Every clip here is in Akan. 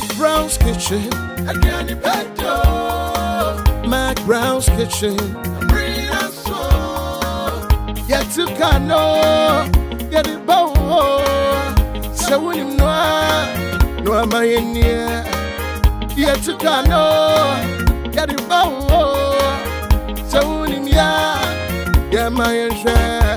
Mac Brown's Kitchen. I got it back door. Mac Brown's Kitchen. Bring us all. Yet to cano. Get it bow. So when you know, no am I in here. Yet to cano. Get it bow. So when you know, yeah, my share.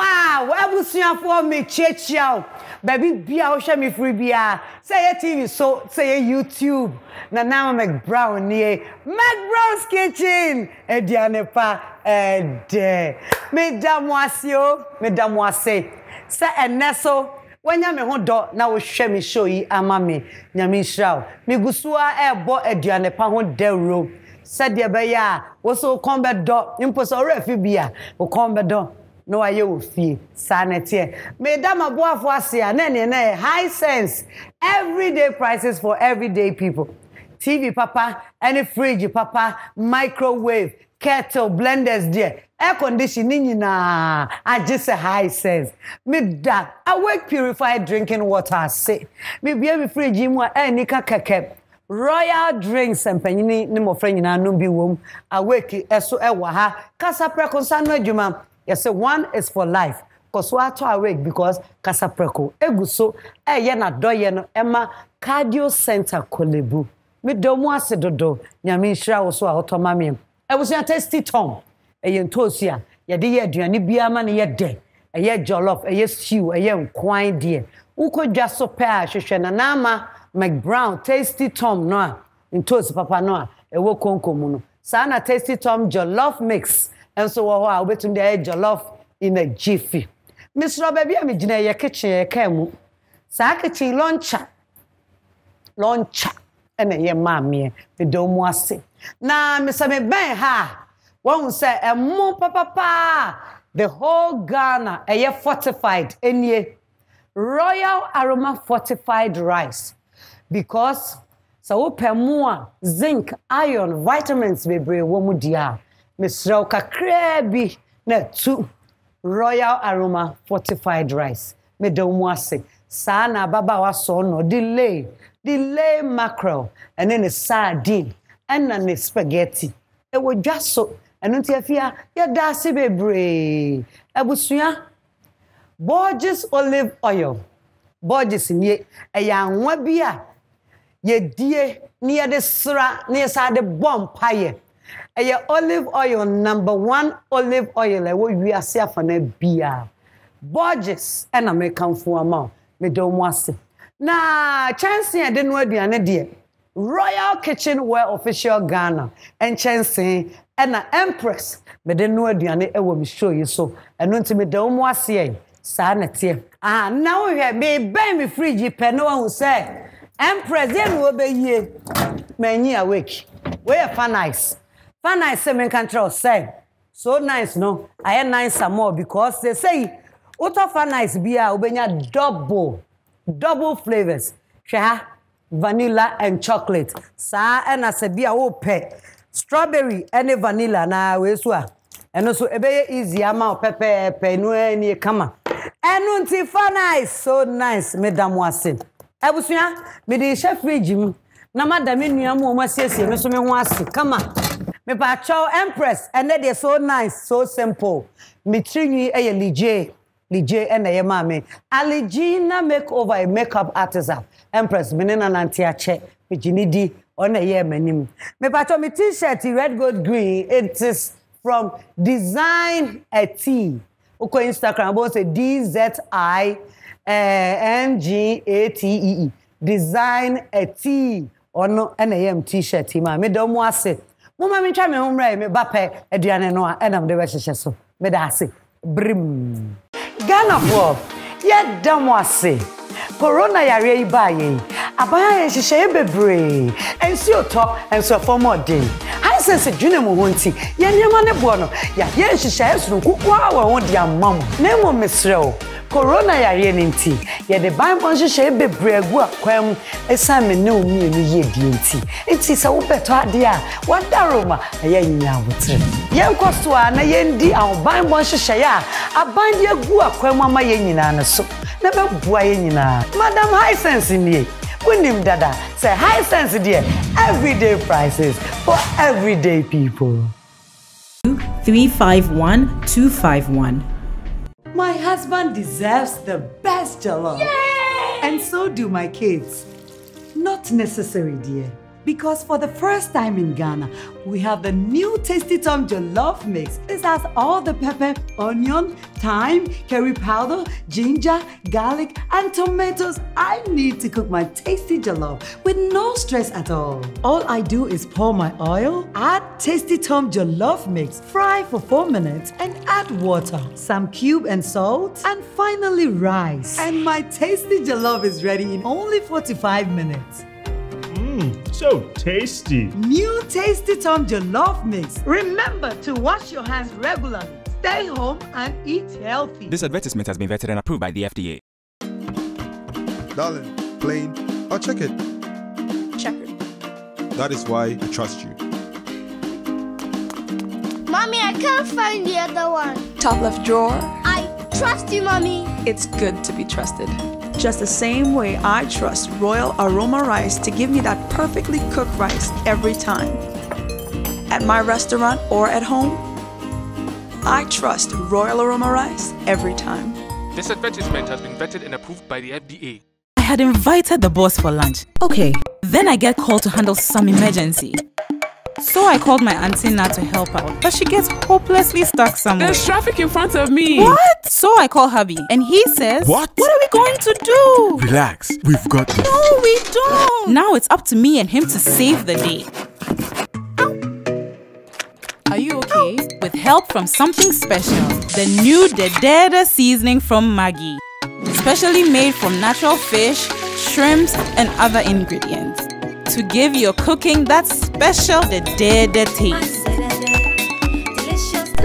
wow wabusuafoɔ mekyiakyia wo baabi bia wohwɛ me firi biara sɛ ɛyɛ tv so sɛ ɛyɛ youtube na nama mcbrown nie mcbrown's kitchen aduane pa ɛdɛ meda mo ase o meda mo ase sɛ ɛnɛ so wanya me ho dɔ na wohwɛ me show yi ama me nyame nhyira wo megu so a ɛrebɔ aduane pa ho dawuro sɛdeɛ ɛbɛyɛ a wo so wo kɔn bɛdɔ mpo sɛ ɔwerɛ afi bi a wo bɛdɔ na wayɛ wɔ fie saa na teɛ meda maboafo ase a na ɛneɛ na yɛ high sense everyday prices for everyday people tv papa ɛne fridge papa microwave kettle blenders deɛ air condition ne nyinaa agye sɛ high sense meda awake purified drinking water ase mebia me fridge mu a ɛnika kɛkɛ royal drinks mpanyini ne mmɔfra nyinaa nom bi wɔ mu awake eh, So ɛwɔ eh, ha kasa prɛko nsa no adwuma yɛsɛ one is for life kɔso ato awake because kasaprɛko egu so ɛyɛ n'adɔyɛ no ɛma cardio center kolebu medɔ mu ase dodo nyame nhyira wo so a wotɔ ma meɛ abusua tasty tom ɛyɛ ntoosi a yɛde yɛ aduane biara ma no yɛ dɛ ɛyɛ jollof ɛyɛ stew ɛyɛ nkwan deɛ wokɔ dwa so pɛ a hwehwɛ na naama mcbrown tasty tom no a ntoosi papa no a ɛwɔ konko mu no saa na tasty tom jollof mix And so, wɔ hɔ a wobɛtumi de ayɛ love in a jiffy Miss mesrɛ I a megyina yɛ kitchen yɛkaa mu saa kitchen launcher launcher ɛna ɛyɛ maameɛ meda mu ase na mesɛ mebɛn ha a wɔhu sɛ ɛmo papapaa the whole ghana ɛyɛ fortified ɛnie royal aroma fortified rice because so wopɛ mu a zinc iron vitamins bebree wɔ mu dia. mesrɛ wo kakraa bi na tu royal aroma fortified rice meda wo mu ase saa na ababaawa sɔɔ no de lay de lay mackerel ɛne ne sardine ɛna ne spaghetti ɛwɔ dwa so ɛno nti afia yɛda ase bebree abusua borges olive oil borges nie ɛyɛ anwa bi a yɛdie ne yɛde sra ne yɛsa de bɔ mpayɛ ɛyɛ olive oil number one olive oil ɛwɔ wiase afana biara borges ɛna mekanfo ama o meda wɔn ase na kyɛnsee a yɛde no aduane deɛ royal kitchen wear official ghana nkyɛnsee ɛna empress mede no aduane ɛwɔ me show yi so ɛno nti meda wɔn ase yɛ saa na teɛ ah na wohwɛ mebɛn mi fridge pɛ no wɔn sɛ empress yɛn na wɔbɛyie mɛnyi awake wɔyɛ fanice fa nice sɛ menka nkyerɛ wo sɛ so nice no ayɛ nice more because sɛ sɛi wotɔ fa nice bi a wobɛnya double double flavours hwɛ ha vanilla and chocolate saa ɛna sɛ bi a wopɛ oh, strawberry ne vanilla na wei so a ɛno nso ɛbɛyɛ easy ama wo pɛpɛɛpɛ no ani e, e, kama ɛno nti fa nice so nice meda mo ase abusua mede hyɛ fridge mu na mada me nnua mu a wɔasiesie me so me ho ase kama mepakyɛw empress ɛnɛ deɛ so nice so simple metirinwi yɛ ligye ligye ɛna ɛyɛ maame make over a makeup artist a empress me mene nanante akyɛ megye ne di ɔna ɛyɛ m'anim mepakyɛw me t-shirt red gold green it is from design eh, a t wokɔ instagram bɔ sɛ dzi ngate e. design a t ɔno ɛna ɛyɛ m t-shirt yi maa medɔ mu ase moma mentwa me ho mmra meba pɛ aduane no a ɛnam de bɛhyehyɛ so meda ase brim ghanafoɔ yɛda mo ase corona yareɛ yi baa yɛi aban ayɛ nhyehyɛeɛ bebree nsuo tɔ nsuofoɔ ma ɔden hansens dwene mu ho nti yɛ nneɛma ne boɔ no yɛayɛ nhyehyɛeɛ soronkokoaa wɔ ho de ama mo na mmom meserɛ o korona yareɛ no nti yɛde banbɔ nhyehyɛ bebree agu akwan mu ɛsiane me ne e wo mmienu yɛ die nti nti sɛ wobɛtɔ adeɛ a wadaro ma ɛyɛ e nyinaa wotire yɛnkɔ so a na yɛndi ahobanbɔ nhyehyɛeɛ a aban de agu akwan mu ama yɛn nyinaa no so na bɛboa yɛn nyinaa madam hisense nie wonim dada sɛ hisense deɛ everyday prices for everyday people Two three five one five one. My husband deserves the best, Jalal. And so do my kids. Not necessary, dear because for the first time in Ghana, we have the new Tasty Tom Jollof Mix. This has all the pepper, onion, thyme, curry powder, ginger, garlic, and tomatoes I need to cook my tasty jollof with no stress at all. All I do is pour my oil, add Tasty Tom Jollof Mix, fry for 4 minutes, and add water, some cube and salt, and finally rice. And my tasty jollof is ready in only 45 minutes. Mmm, so tasty. New Tasty Tom Jollof Mix. Remember to wash your hands regularly. Stay home and eat healthy. This advertisement has been vetted and approved by the FDA. Darling, plain or Check it. That is why I trust you. Mommy, I can't find the other one. Top left drawer. I trust you, Mommy. It's good to be trusted just the same way I trust Royal Aroma Rice to give me that perfectly cooked rice every time. At my restaurant or at home, I trust Royal Aroma Rice every time. This advertisement has been vetted and approved by the FDA. I had invited the boss for lunch. Okay. Then I get called to handle some emergency. So I called my auntie Na to help out, but she gets hopelessly stuck somewhere. There's traffic in front of me. What? So I call hubby, and he says, What? What are we going to do? Relax, we've got this. No, we don't. Now it's up to me and him to save the day. Are you okay? With help from something special, the new Dededa seasoning from Maggie, specially made from natural fish, shrimps, and other ingredients to give your cooking that special dedede taste.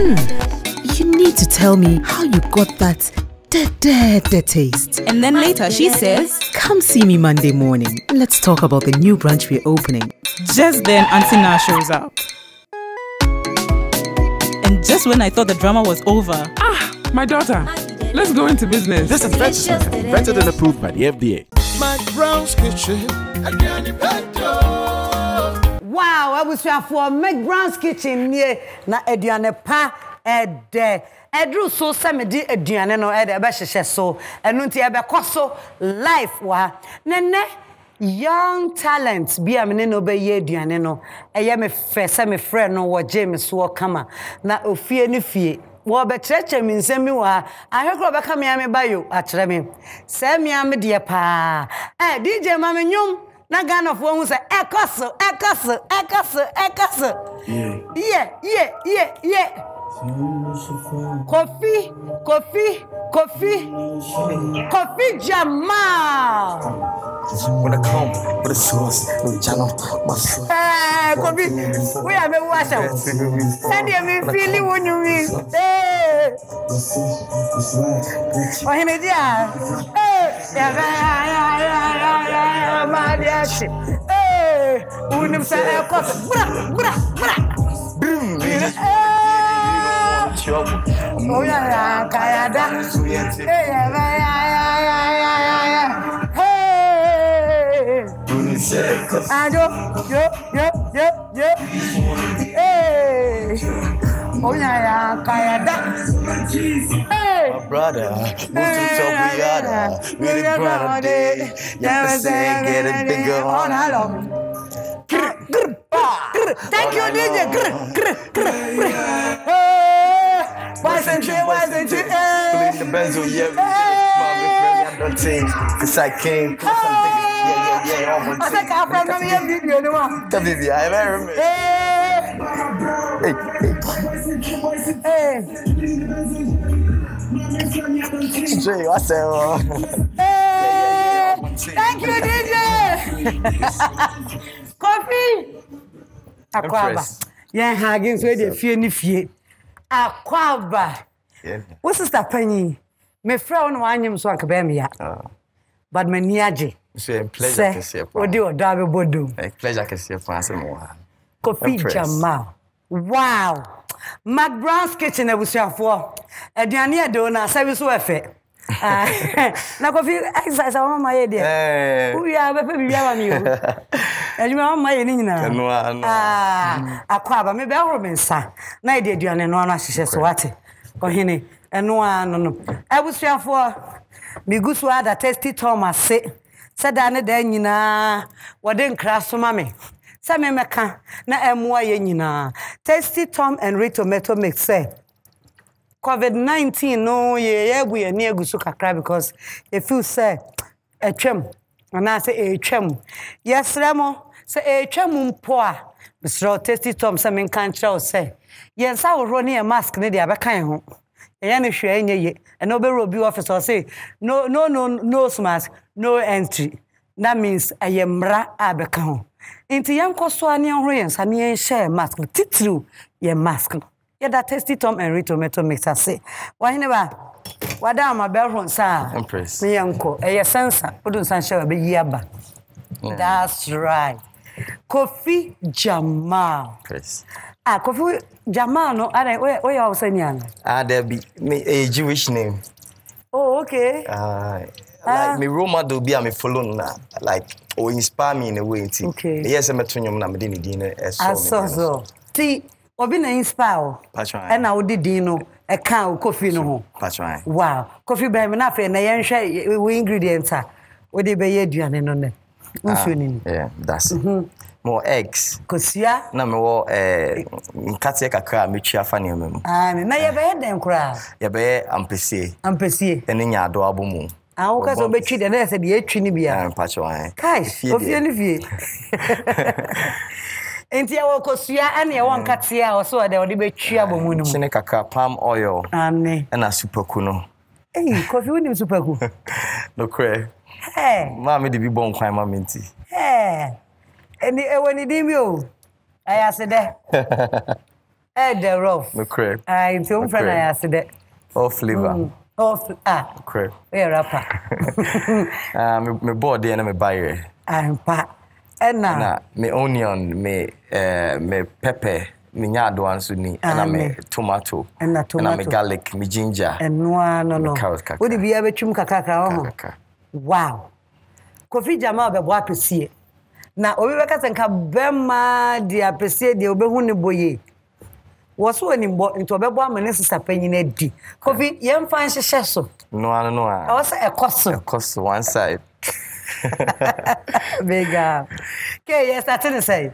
Mm, you need to tell me how you got that dedede taste. And then later she says, Come see me Monday morning. Let's talk about the new branch we're opening. Just then Auntie Na shows up. And just when I thought the drama was over. Ah, my daughter, let's go into business. This is better, better than approved by the FDA. Mike Brown's Kitchen. Wow, I Pejo. Wow, for Mike Brown's Kitchen yeah, na aduane pa ɛdɛ ɛduru so sɛ mede aduane no ɛdɛ ɛbɛhyehyɛ so ɛno nti ɛbɛkɔ so live wɔ ha ne young talent bi a ne no be ye aduane no ɛyɛ mefɛ sɛ friend no wɔ James me kama na ofie no fie wɔbɛkyerɛkyerɛ me nsɛm bi wɔ ha ahwɛ korɔ wɔbɛka mmea me ba yo akyerɛ me sɛ mmea me deɛ paa ɛ dj ma me nnwom na ghanafoɔ hu sɛ ɛkɔ so ɛkɔ so ɛkɔ so ɛkɔ so yɛ yɛ yɛ yɛ Kofi, Kofi, Kofi, Kofi Jamal. When I come, with a sauce, with channel, my sauce. Eh, Kofi, we are me wash out. Send me feeling when you mean. Eh. Oh, him is yeah. Eh, yeah, yeah, yeah, yeah, yeah, yeah, my dear. Eh, unim sa ekos, bra, bra, bra. Brum. Eh. shovel. Oh yeah, yeah, Kayada. Hey, yeah, yeah, yeah, yeah, yeah. Hey. I do, yo, yo, yo, yo. Hey. Oh yeah, yeah, Kayada. Hey. My brother, move to Tobiada. Really proud of it. Y'all say get a bigger on. I love you. Thank you, DJ. Grr, grr, grr, grr. Hey. YSNJ, YSNJ, hey. Police the Benzo, yeah. Hey. Mom, teams, since I came. Yeah, yeah, yeah, all one I think I'll find another video, no one. The video, I remember. Hey. Hey. Jay, what's up? Hey. Thank you, DJ. Coffee. Akwaba. Yeah, again, so they fear ni fear akwaba wo sista panyin mefrɛ wo na woanyem so anka bɛɛ meya ah. but m'ani agye sɛ wode ɔdɔ abɛbɔ dom kofi jamal wow macbrowns kitchen abusuafoɔ aduane ɛdewo no asɛ bi so ɛfɛ Eh, na kofi exercise àwọn ọmọ yẹ deɛ wúwia bɛpɛ biribi ama mi o adwuma àwọn ọmọ yẹ ne nyinaa akɔ aba mi bɛ horo mi nsa na yɛ de aduane no ano ahyehyɛ so wate ɔhene ɛnoa no no abusuafoɔ migu so ada tasty tom ase sɛdaa ne daa nyinaa wɔde nkra soma me sɛ me mɛka na ɛmoa yɛ nyinaa tasty tom and red tomato mix sɛ covid nineteen, no yɛyɛagu yɛne agu so kakra because yɛfeel sɛ ɛtwam anaasɛ ɛretwam yɛsrɛ mo sɛ ɛretwam mpo a mesrɛ tasty um, tom sɛ menka nkyerɛ wo sɛ yɛn nsa ahodoɔ ne yɛn mask ne deɛ abɛka yɛn ho ɛyɛ no hwɛ ɛnyɛ ye ɛna wobɛwura obi office ɔse no no no nose mask no entry that means ɛyɛ mmara a bɛka ho nti yɛnkɔ so a ne yɛnhoro yɛn nsa ne yɛnhyɛ mask titiriw yɛn mask no yɛda tasty tom and rich tomato mixer se wahene ba wada ama bɛhoro nsa a ne nkɔ ɛyɛ sɛnsa wodu nsa nhyɛ wabɛyi aba that's right kofi jamal ah kofi jamal no ada woyɛ wo sɛ nea no ah dabi ah, ɛyɛ jewish name oh okay uh, like ah. me role model bi a me follow no na like o oh, inspire me in a way nti okay. yes, ɛyɛ sɛ mɛto nnwom na mede ne din no ɛsɔ ti obi na inspire o ɛna wode din no ɛka e wo kofi no ho wow kofi brahim na afei na yɛnhwɛ wo ingredient a wode bɛyɛ aduane no nɛ ah, nsuo no ni mewɔ mhm. eggs kosua na mewɔ eh, nkateɛ kakra a metwia fa nneɛma mu na yɛbɛyɛ dɛn koraa yɛbɛyɛ ampesie ampesie ɛne nyaado abɔ mu àwọn kẹsàn án bẹ twi dẹ ẹ náà yẹ de yẹ twi ni bia. mpatsọ ẹ. kai ofie ni fie. nti ɛwɔ kosua ɛna ɛwɔ nkatea mm. a ɔsɛ ɔde ɔde eh, bɛtwi abɔ mu no mu. kyene kakra palm oil. ane ɛna eh, supaku no. eyi kofi wo nim supaku. nokorɛ. maame de bi bɔ nkwan ah, ma mi nti. ɛni ɛwɔ ne din bi o ɛyɛ ase dɛ ɛyɛ dɛ nokorɛ nti o n fɛ na ɛyɛ ase dɛ. all flavour. Mm. all fl ah. nokorɛ. o yɛ rapa. Ah, me bɔɔdeɛ eh, na me ba yɛ. ampa. Ah, ɛna na me onion me eh, me pepe me nyaadoa nso ni ɛna me tomato ɛna tomato ɛna me garlic me ginger ɛnoa no no wode biaa bɛtwam kakrakra wɔ ho wow kofi gyama bɛboa apɛsie na obi bɛka sɛ nka bɛma deɛ apɛsie deɛ wobɛhu ne bɔyie wɔ so wɔ nimbɔ nti ɔbɛbɔ ama ne sisa panyin adi kofi yɛmfa nhyehyɛ so noa no no a ɛwɔ sɛ ɛkɔ so ɛkɔ so one side Big up. Uh, okay, yes, that's i. Say.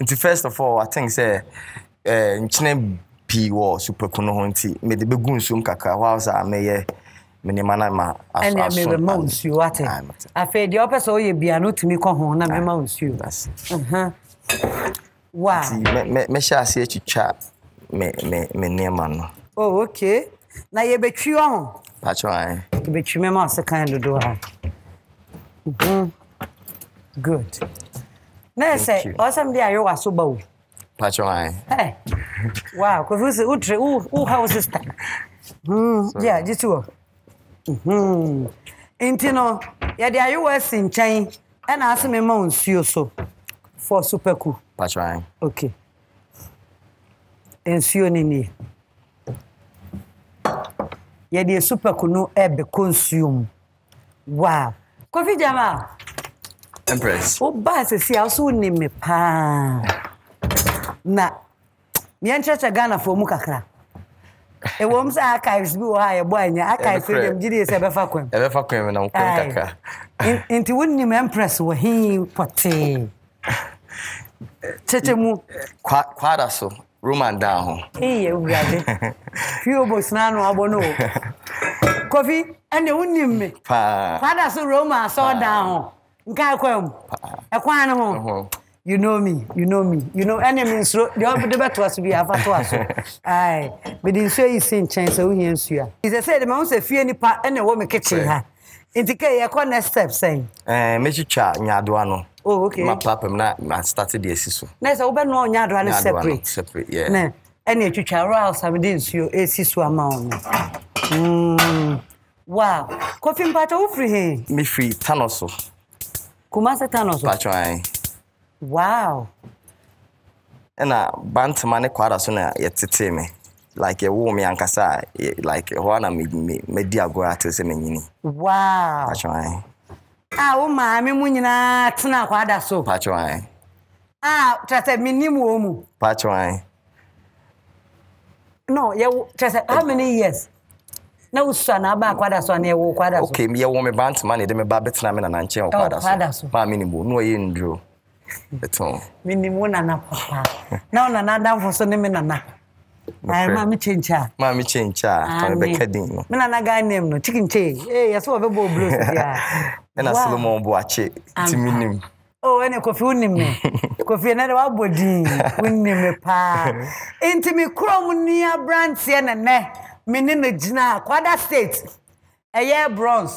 Nti first of all, I think say, eh, nkyene pii wɔ ho nti, mede bɛgu nsuom kakra, whilst a meyɛ me nneɛma na ma aso aso. Ɛnna mede ma nsuo ate. Ah, Afei deɛ ɔpɛ sɛ ɔyɛ bia no tumi kɔ ho na ah, mema nsuo. Wow. Nti mɛhyɛ ase atwitwa me nneɛma no. Oh, Na yɛbɛtwi ɔho. Patro ayɛ. Yɛbɛtwi mɛma ɔsekan dodoɔ a. Mm. Good. Na sɛ ɔsɛm de ayɛ w'aso ba o. Patro ae. Hey. Wow, Because Who? kofi sɛ wotire woha wo sister. Gye a Hmm. si wɔ. Hmm. Nti no, yɛde ayewa asi nkyɛn ɛna ase me ma wo nsuo so for supaku. Patro ae. Okay. Nsuo ne nie. super cool no ɛbɛkɔ consume. Wow. Kofi Jama. Empress. Wo ba sisi a so ni me paa. Na me nkyerɛkyerɛ Ghanafoɔ mu kakra. Ɛwɔ m sɛ archives bi ha a yɛbɔ anyɛ archives no dɛm gyidie sɛ ɛbɛfa kwan. Ɛbɛfa na wokɔn kakra. Nti wonim Empress wɔ hee pɔtee. Kyɛkyɛ mu. Kwada so. Roman down. Ee, ewurade. Fio box na anu abɔ no. kofi ɛna wonim me kwada so roma asɔɔdaa ho nka ɛkwan mu ɛkwan no ho you know me you know me you know ɛne me nsuro deɛ ɔbɛde bɛtoa so bi afa toa so ae mede nsuo yi si nkyɛn sɛ wohia nsuo a sɛ sɛ de ma wo sɛ fie nipa ɛna ɛwɔ me kitchen ha nti kɛ yɛkɔ next step sɛn mɛtwitwa nyaadoa no oh okay mapapam na na start de esi so na sɛ wobɛnoa nyaadoa no separate separate yeah na ɛne atwitwa raw samede nsuo esi so ama wo no wow kofi mpacha wofiri he mefiri tano so kumase tano so mpacha anyị ɛna bantama ne kwada so na yɛtetee me like yɛwoo me ankasa e, like hɔ na madi agorɔ ate sɛ manyini wow mpacha anyị a wo maame mu nyinaa tena kwada so mpacha anyị a kyerɛ sɛ menim wɔ mu mpacha anyị no yɛwo kyerɛ sɛ how many years na wosua na aba akwada so na ɛwo kwada so okay me ɛwo me bant ma na de me ba betena me na na nkyɛn oh, kwada so ma me ni mu no yɛ nduro eto me ni mu na na papa na ona na da fo so ne me na na ayi maa mi kyenkya maa mi kyenkya tɔn bɛ kɛ den no mi nana gaa nɛm no chicken kye ee eh, yasɔ wɔ bɛ bɔ obulo si bia ɛna solomon bu akye ti mi nim o oh, ɛna kofi o nim mi kofi ɛna de wa bɔ din o nim paa nti mi kuro mu aberanteɛ nɛnɛ. me ne me gyina kwada state ɛyɛ bronze.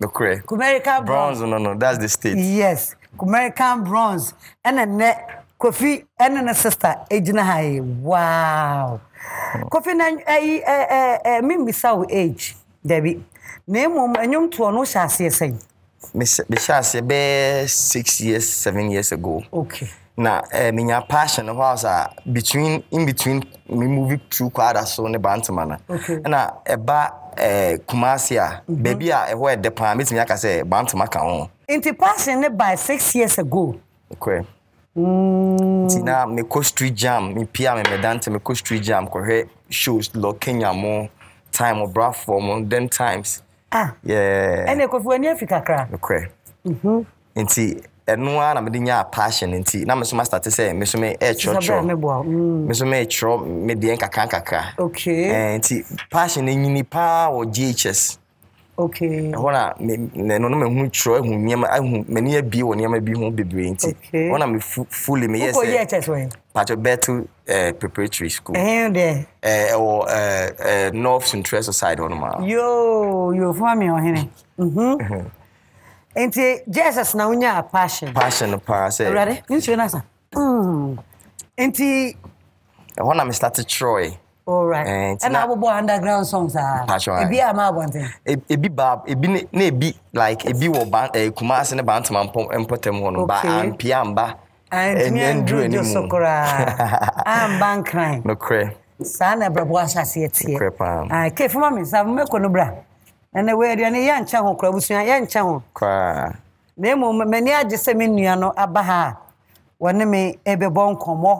nokorɛ kumerican bronze. bronze no no that's the state. yes American bronze ɛna nɛ kofi ɛne ne sister. egyina ha yi e. wow hmm. kofi na ɛyi ɛɛ ɛɛ mi mbisa o age dɛbi na emu enyom toɔ no hyɛ aseɛ sɛn. mehyɛ aseɛ bɛɛ six years seven years ago. okay na eh, menya passion hɔ ah, sa between in between me movie through kwada so ne bantama no ɛna ɛba eh, kumase a ah, mm-hmm. baabi a ah, ɛhɔ ɛdɛ eh, paa mɛtumi aka sɛ eh, bantama ka ho nti passion ne by six years ago okay. mm. nti na mekɔ street jam mepia memedante mekɔ street jam kɔhwɛ shows lɔ kenya mo time ɔbrafoɔ mo then times ɛne kɔfi w'ani afi kakra mm-hmm. nti ɛno ara na mede nyaa passion nti na me so mastarte sɛ me so meɛkyerɛkyerɛ me so meɛkyerɛ mm. medeɛ nkakra nkakra nti passion no nyini paa wɔ ghs ɛhɔ na ɛno no mahu kyerɛ ahu nneɛma ahu m'ani abie wɔ nneɛma bi ho bebree nti hɔ na mefuli meyɛ sɛ patro battle uh, preparatory school ɛwɔ uh, uh, north Central society hɔ no ma yo yo fo ame ɔhene mhm. nti jesus na wonya passion passion paa sɛ awurade nsuo no asa nti ɛhɔ na mestarte eh, kyerɛe ɛna abobɔ underground songs aaebi a ma abɔnten e-, ebi baa ebi na ebi like ebi wɔ ba eh, kuma ase ne bantama mpɔtam hɔ no ba ampia amba ɛnyɛnduru anim so koraa amba nkran nokorɛ saa na ɛbrɛboa ahyɛ aseɛ teɛ kefoma me nsa mɛkɔ no bra ɛnna wei aduane yɛ nkyɛn ho kora busua yɛ nkyɛn ho. na mmom m'ani agye sɛ me nua no aba ha a wɔne me ɛbɛbɔ nkɔmmɔ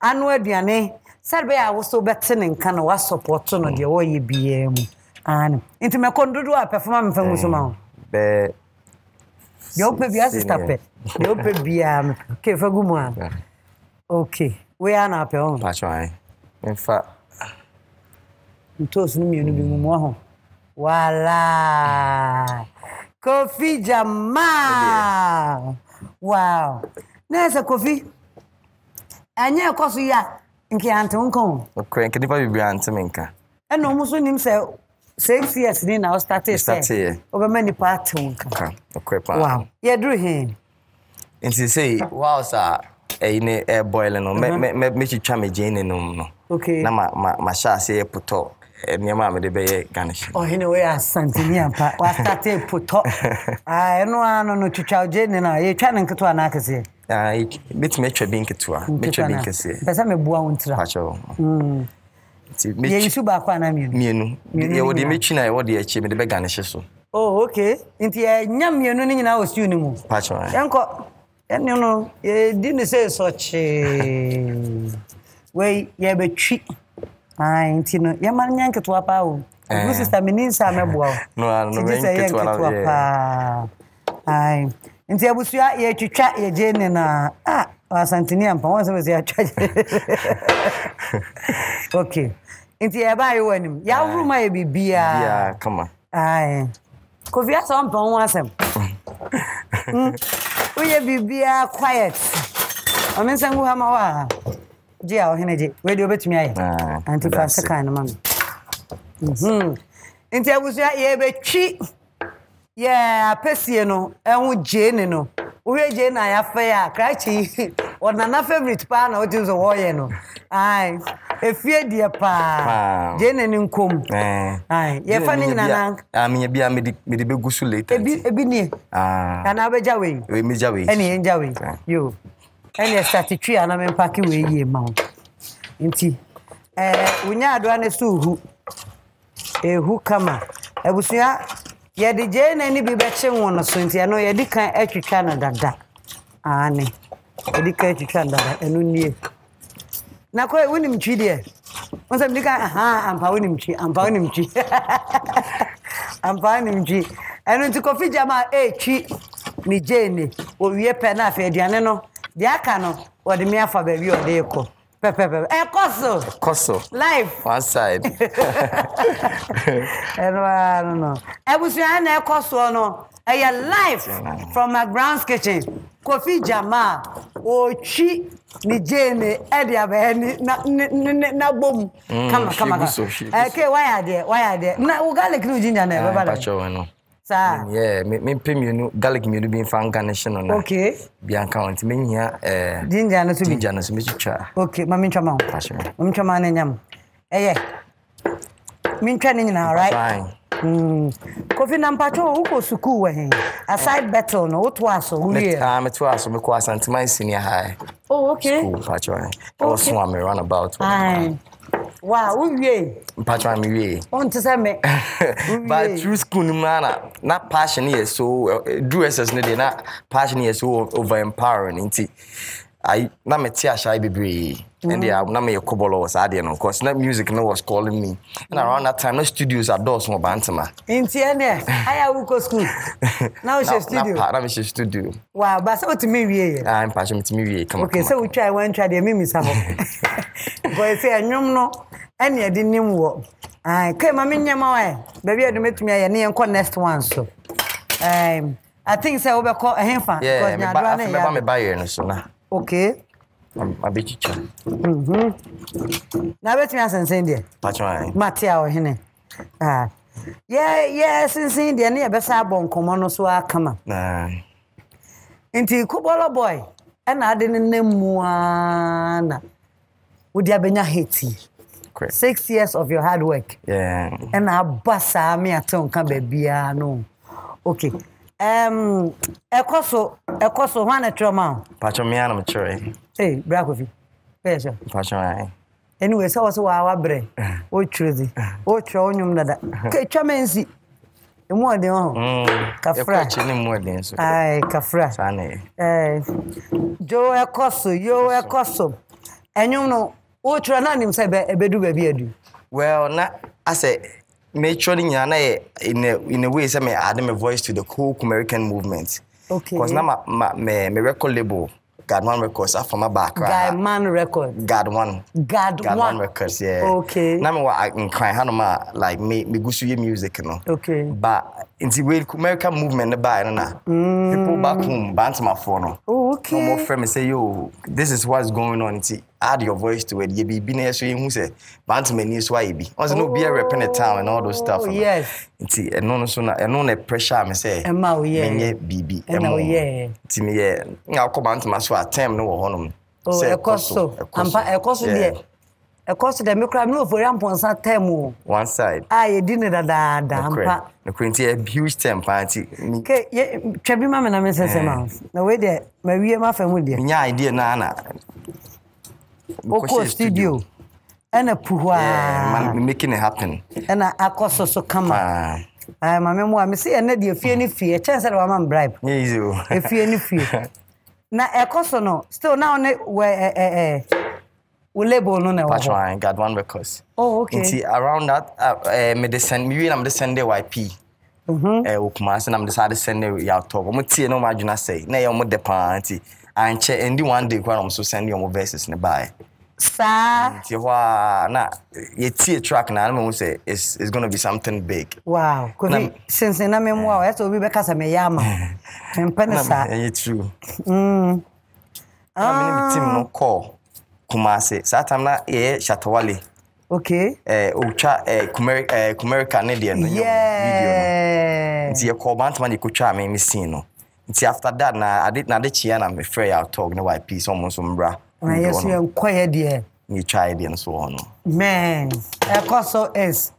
ano aduane sɛdeɛ a woso bɛte ne nka na wasɔpɔto no deɛ mm. wɔyɛ biara mu ano nti mɛkɔ a pɛfoma mfa ngu so ma ho. Mm. bɛɛ deɛ wopɛ biara sista pɛ deɛ wopɛ biara no ke fa gu mu a ok wei a na apɛ ho. pakyɛ wɔn mfa. ntoosi no mmienu bi mu mu wɔ ho. Voilà. Kofi Jamal. Wow. Nẹ́ẹ̀sẹ̀ Kofi, ẹ̀yẹ́ ẹ̀kọ́ so yìí a nke ante nka o. Okwe nke nipa bebree ante mi nka. Ɛna ɔmo nso nim sɛ six years ni na ɔstate sɛ ɔbɛma nipa ate wo nka. Okwe paa. Wow. Yɛduru hen. Nti sɛ wow saa ɛyi e ne ɛɛbɔɛlɛ e no mɛ mɛ mɛ twitwa mɛ gyeene nom no. Okay. Na ma ma ma hyɛ aseɛ e putɔ. Eh, nneɛma a mede bɛyɛ garnish ɔhene wei asanteni ampa wastate potɔ ah, ɛno a no no twitwa gye ne na yɛtwa ne nketewa no akɛseɛ bɛtumi ah, atwa bi nketewa mɛtwa bi nkɛseɛ pɛ sɛ meboa wo mm. ntira yɛyisu baako ana mmienu yɛwɔ deɛ mɛtwi no a yɛwɔ deɛ akyi mede bɛganehye so oh ok nti ɛnya mmienu no nyinaa wɔ stew no mu yɛnkɔ ɛne no yɛdi no sɛ sɔkyee wei yɛbɛtwi nti no yɛma no nya nketewa paa o ɔgu sista meni nsa mɛboa o tigye sɛ yɛ nketewa paa nti abusua yɛtwitwa yɛgye ne no a asanteni ampa wɔn sɛ bɛsɛ yɛatwa gye ok nti yɛba ayɛ wɔ anim yɛahoro eh. ma yɛ biribiaa kofi asɛ ɔmpa wo asɛm mm. woyɛ biribiaa quiet ɔme nsa ngu ha ma Ji a ɔhene gye wedeɛ wobɛtumi ayɛ ah, nti fa se kan no ma me mhm. nti abusua yɛbɛtwi yɛ apɛsie no ɛho gyeene no wohwɛ gyeene a yɛafɛ a krakye ɔnana favorite paa na wotim so wɔɔyɛ no ai efie deɛ paa gyeene ne nkom eh. ai yɛfa no nyina na ah, menyɛ bia mede bɛgu so later ebi nie ah. anaa wobɛgya wei ɛne yɛngya wei ɛne ɛsate twi a na mempake wei yie ma wo nti wonya adoa ne so hu ehu kama abusua yɛde gyee na ani bi bɛkye wo no so nti ɛno yɛde kan atwitwa no dada ane yɛde kan atwitwa no dada ɛno nie na kɔ wonim twi deɛ wo sɛ mede ka aha ampa wonim twi ampa wonim twi ampa wonim twi ɛno nti kɔfi jama, a ɛtwi ne gyee ne owie pɛ no aduane no deɛ aka no wɔde me afa baabi a ɔde kɔ pɛpɛpɛ ɛkɔ so ɛkɔ so life one side ɛno ara no no abusua na ɛkɔ soɔ no ɛyɛ life from my grounds kitchen kofi jamaa ɔtwi ne gyeene ɛde abɛɛ ne na ne ne n'abɔ mu kamakama ɛkɛ wayɛ adeɛ wayɛ adeɛ na wo garlic ne wo ginger na ɛbɛba dɛ saa yeah me me pe mienu garlic mienu bi nfa garnish no na okay bi anka me ti menya eh ginger no so bi ginger no so metwa okay ma mentwa ma ho mentwa ma na nyam eh eh mentwa ne nyina right fine Mm. kofi na o wokɔ sukuu wɔ he aside battle no woto aso woyɛ meto aso me mekɔ asantema senior high oh okay school mpacho ɛwɔ so a me run about wa wo wie mpatwa me wie won te sɛ me but through school no ma na na passion yɛ so do eh, ss no de na passion yɛ so over empowering nti I na me tia shy bebree and mm-hmm. they na me kobolo was ade no cause na music no was calling me and around that time no studios are doors no bantama nti ene aya wo ko school na wo studio na na me she studio wow ba so to me wie ah impa so me to me wie come okay so we try one try dey me me sabo boy say anyum no ɛne yɛde nim wɔ kai ma menyɛma ɛ baabi a ɛdumɛtumi ayɛ ne yɛnkɔ next one so um, i think sɛ wobɛkɔ ɛhemfa meba me bayɛ no so na okay abɛkyikya mm-hmm. na wobɛtumi asensɛn deɛ mate a ɔhene yɛsensen deɛ ne yɛbɛsa abɔ nkɔmmɔ no so akama nti kobɔlɔ boy ɛna ade no nam mu aa na wode abɛnya hetii Correct. six years of your hard work. Yeah. ɛna aba saa mi ate nka baabiara no okay um, so ɛkɔ so hwan na twerɛ ma o. patro mi anam twerɛ. ee bra kofi bɛyɛ sɛ. anyway sɛ wɔ mm. so wɔ awa brɛ wotwerɛ di wotwerɛ wo nwom dada twa ma nsi emu ɔden wɔ hɔ kafra ɛkɔ akyi ne mu ɔden so ayi kafra saa na yɛ. ɛɛ jo ɛkɔ so yo ɛkɔ so wotwerɛ na anim sɛ ɛbɛdu baabi adu well na asɛ metwerɛ no nyinaa na yɛ in a way sɛ me ade my voice to the cool american movement okay. cause na ma, ma, me, me record label God One Records afa ma baakra ha. God One Records. God One. God, One. Records yeah. Okay. Na mi wa nkran hanom a like me me gu so yɛ music no. Okay. Ba nti wey American movement ne ba no People back mm. home bantamafo no. Oh okay. Na mo fɛ mi sɛ yo this is what's going on nti add your voice to it. You be been there, so you say, "Bantamani so I be." Once no be a oh, rep in the town and all those stuff. Oh, yes. See, eno no so na eno na pressure am say. Emma o oh, ye. Menye bibi. Emma o ye. Nti me ye. Nga akọ bantama so atem no wo honom. Oh, ekọ so. Ampa ekọ so de. Ekọ so de me kra me no ofori amponsa tem o. Oh. One side. Ah, ye da da da. ampa. No kra nti a huge tem pa nti. Ke ye twa bi ma me na me sese eh. ma. Na we de ma wie ma fa mu idea na na wokɔ studio ɛna pu hɔ amaking happen ɛna akɔ so so kama mame mu a mese ɛnɛ deɛ fie no fie ɛkyɛn sɛ de wama m bribe oh. ɛfie no fie na ɛkɔ so no still na wone wɛ wo label no na ɛwɔ hɔ god one records oh okay nti around that uh, uh, eh, mede send mewie na mede send de yp wɔ kumase na mede saa de send de yɛatɔ mm-hmm. eh, ɔmo tie na ɔmo adwena sɛe na ɛyɛ ɔmo dɛ paa nti ankyɛ ɛndi one day kora na ɔmo so send ɔmo verses ne baeɛ saa nti hɔ a na yɛtie track na anam ɛho sɛ it's it's gonna be something big. wow kofi sinsin na me mu a ɛsɛ obi bɛ kasa mi yɛ ama mpɛ ne saa. na eh, true. ɛna mm. mi ne mi team ah. no kɔɔ kumase saa time na yɛyɛ shatawale. okay. ɛɛ otwa ɛɛ kumeri ɛɛ eh, kumerika ne deɛ no yɛ video no nti yɛ kɔɔ bantama de ko twa mi mi no. nti after that na ade na ade kyea na mefrɛ yɛ talk ne yp sɛ ɔmo nso mbra na yɛ so yɛnkɔyɛ deɛ metwae deɛ nso wɔ no man ɛkɔ so is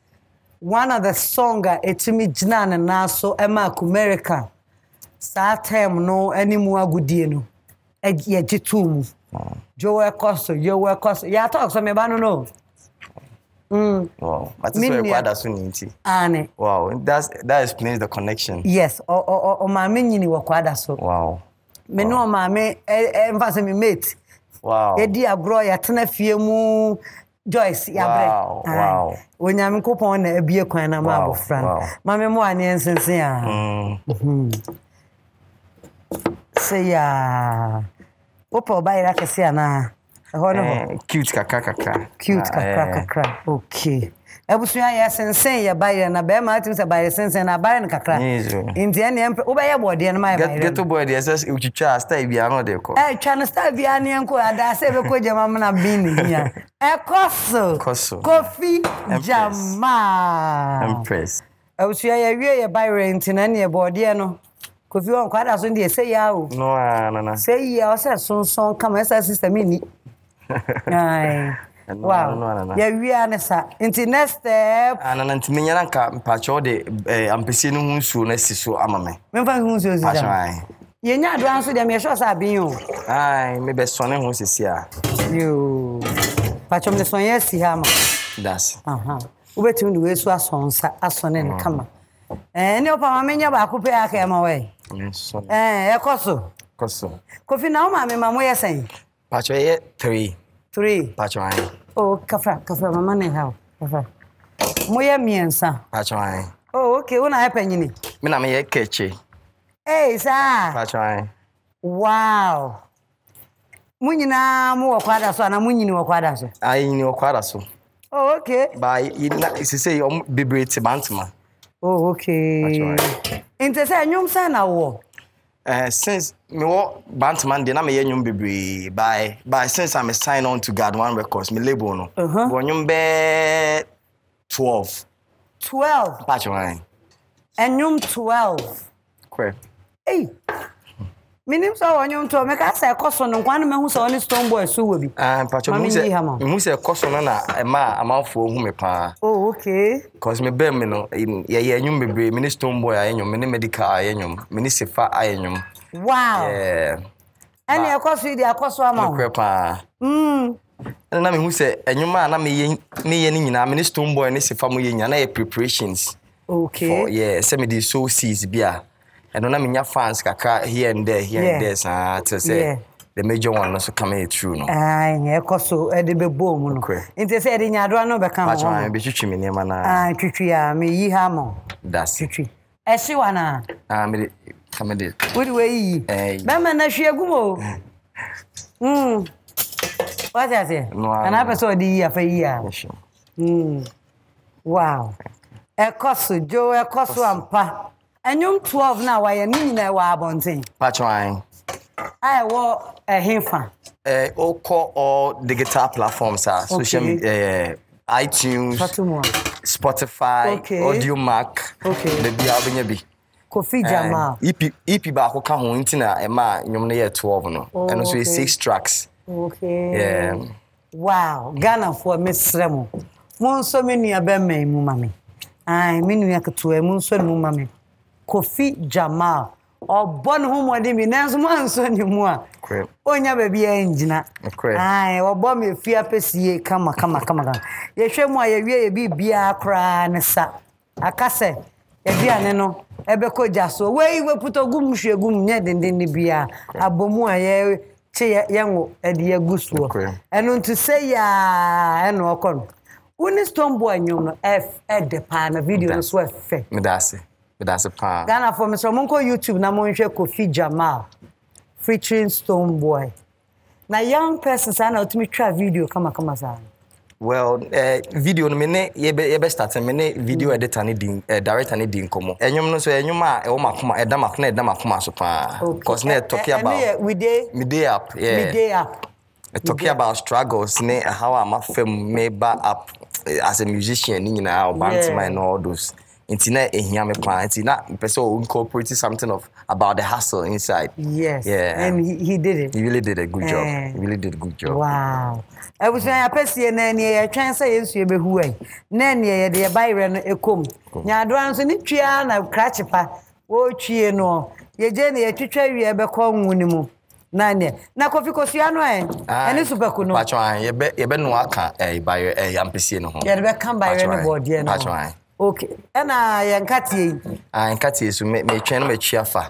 one of the song a ɛtumi gyina ne nan so ma kumerica saa term no anim agudie no yɛgye too mu hmm. joe ɛkɔ so yow ɛkɔ so yɛatɔg so meba no no Mm. Wow. Ati so da so ni nti. Ane. Ah, wow. That's, that explains the connection. Yes. O o o maame nyini wɔ kwa Wow. Me no maame ɛ mfa sɛ me mate. Wow. Edi agorɔ yɛtena fie mu Joyce yabre. Wow. Ah, wow. Onyame kopɔn na ebie kwan na ma abɔfra no. Maame mu ane nsensen ya, mm. mhm. Sɛ yaa. Wopɛ ɔba yɛrɛ akɛse anaa? ɛhɔ no hɔ eh, cute kakra ah, kakra eh. okay abusua yɛ sensɛn yɛ bayerɛ na bɛrima atim sɛ na abayerɛ no kakra nti ɛneɛ mpɛ wobɛyɛ bɔɔdeɛ no ma yɛ bayerɛ geto bɔɔdeɛ sɛ wotwitwa a style biara na ɔde kɔ ɛɛ eh, twa no style biara so kofi gyama empress abusua yɛwie yɛ bayerɛ nti na neɛ bɔɔdeɛ no kofi wɔ nkɔ ada so deɛ sɛ yia o sɛ yia ɔsɛ sonson kama ɛsɛ system ni yɛwia ne sa nti next step anana ah, nti menya na nka mpakyɛw de eh, ampɛsie no ho nsuo no asi so ama me memfa ho nsuo si sa yɛnya adoa nso deɛ meyɛhwɛ sɛ aben o mebɛsɔne ho sesi a pakyɛm de sɔnyɛ asi ha ma das wobɛtumi de wɔasu asɔ nsa asɔne no mm. kama eh, ne wopama menyɛ baako pɛ aka ɛma wɛ eh, ɛkɔ so kofi na woma me ma moyɛ sɛn pakyɛ yɛ three three. Patchwan. Oh, kafra, kafra, mama ne ha. Kafra. Moya miensa. Patchwan. Oh, okay, una happen yini. Me na me ye keche. Eh, sa. Patchwan. Wow. Mu nyinaa mu wɔ so ana mu nyini wɔ so? Ayi nyini wɔ so. Oh, okay. Ba yi na sise yi ɔmo bebree te Oh, okay. Nti sɛ ɛnyom sɛn na wɔ? Ɛɛ eh, since Me mewɔ bantman deɛ na meyɛ nnwom bebree by by since i'm sign on to guard one records me label no uh-huh. wɔ nnwom bɛɛ twelve. twelve. mpakyɛ wan. ɛnwom twelve. kɔɛ. ee minim sɛ wɔ nnwom twelve meka sɛ ɛkɔ so no nkwa no mahu ɔne stone boy so wɔ bi. ah mpakyɛ mu sɛ mu sɛ ɛkɔ so no na ɛma amanfoɔ hu mi paa. oh okay. cause me bɛn mi no yɛyɛ nnwom bebree mi ne stone boy ayɛ nnwom mi ne medical ayɛ nnwom mi ne sefa ayɛ nnwom wow ɛne ɛkɔ so yi de akɔ so ama wokorɛ paa ɛna hmm. na mehu sɛ ɛnwoma a na meyɛ no nyinaa mene stone boy ne sefa mu yɛ nyinaa na yɛ preparations okay. sɛ mede soul seas bi a ɛno na menya fans kakra here and there here and there saa te sɛ yeah. the major one no so kama yɛ true no nyɛ ɛkɔ so ɛde bɛbɔɔ mu no nti sɛ ɛde nyaadoa no bɛka mobɛtwitwi me nneɛma no twitwi a meyi ha ma wo twitwi ɛhye wa no a fam de. wodi wei yi bɛma na hwe agum o wate aseɛ anaa pɛ sɛ ɔde yi afa yi a mm. wow ɛkɔ so dwo ɛkɔ so ampa ɛnwom 12 no a wayɛ ne nyinaa ɛwɔ abɔnten patwan a ɛwɔ o wokɔ o digital platforms a social media eh, itunes spotify okay. audio Mac okay. baabi a bi kofi jama ep ep baako ka ho nti na ɛma nnwom no yɛ twelve no oh, ɛno nso yɛ six tracks okay yeah. wow ghanafoɔ mesrɛ mo mo nso me nua bɛmɛn mu ma me ai me nua ketewa mu nso mu ma me kofi Jama. ɔbɔ ne ho mmɔden bi nanso mo anso ne mu a onya baabi a ngyina ai ɔbɔ me efi apɛsie kama kama kama kama yɛhwɛ mu a yɛwie yɛ bi biara koraa ne sa aka sɛ yɛduane no ɛbɛkɔgya so wei waputɔ gu mu hwɛ gu mu nyɛ denden no biaa abɔmu a yɛkye yɛwo de yɛgu soɔ ɛno nto sɛ yɛa ɛna ɔkɔ no wone stoneboy nwom no ɛdɛ paa na video no so ɛfɛ ghanafoɔ me monkɔ youtube na monhwɛ kofi jamal featuring stoneboy na young person saa na wotumi twa video kamakama saa no well eh, video no me ne yɛbɛ start me ne video mm. editor ne din eh, director ne di nkɔmmɔ ɛnwom no so ɛnwom a ɛwɔ makoma ɛda makoma ɛda makoma so paa because na ɛtɔke eh, eh, about me day up yeah me day up ɛtɔke about struggles ne how am afam me ba up eh, as a musician ne nyinaa ɔbanteman and all those nti na ehia me paa nti na mpɛ sɛ o incorporate something of about the hustle inside. Yes. Yeah. And he, he did it. He really did a good job. Eh. He really did a good job. Wow. I eh, was saying, I pass here, and I try and say, yes, you be who I. Then, yeah, The buy rent a comb. Yeah, I don't see any tree and a pa. Oh, tree no. Your journey, a teacher, you ever come with him. Nane. Na kofi kofi ano eh. Ah, Ene super kuno. Pacho an ye be you be no aka eh bayo eh ampesi no You Ye be kan bayo ne board ye no. Pacho an. Okay. Ena eh, ye nkatie. Ah nkatie so me me twen me chia fa.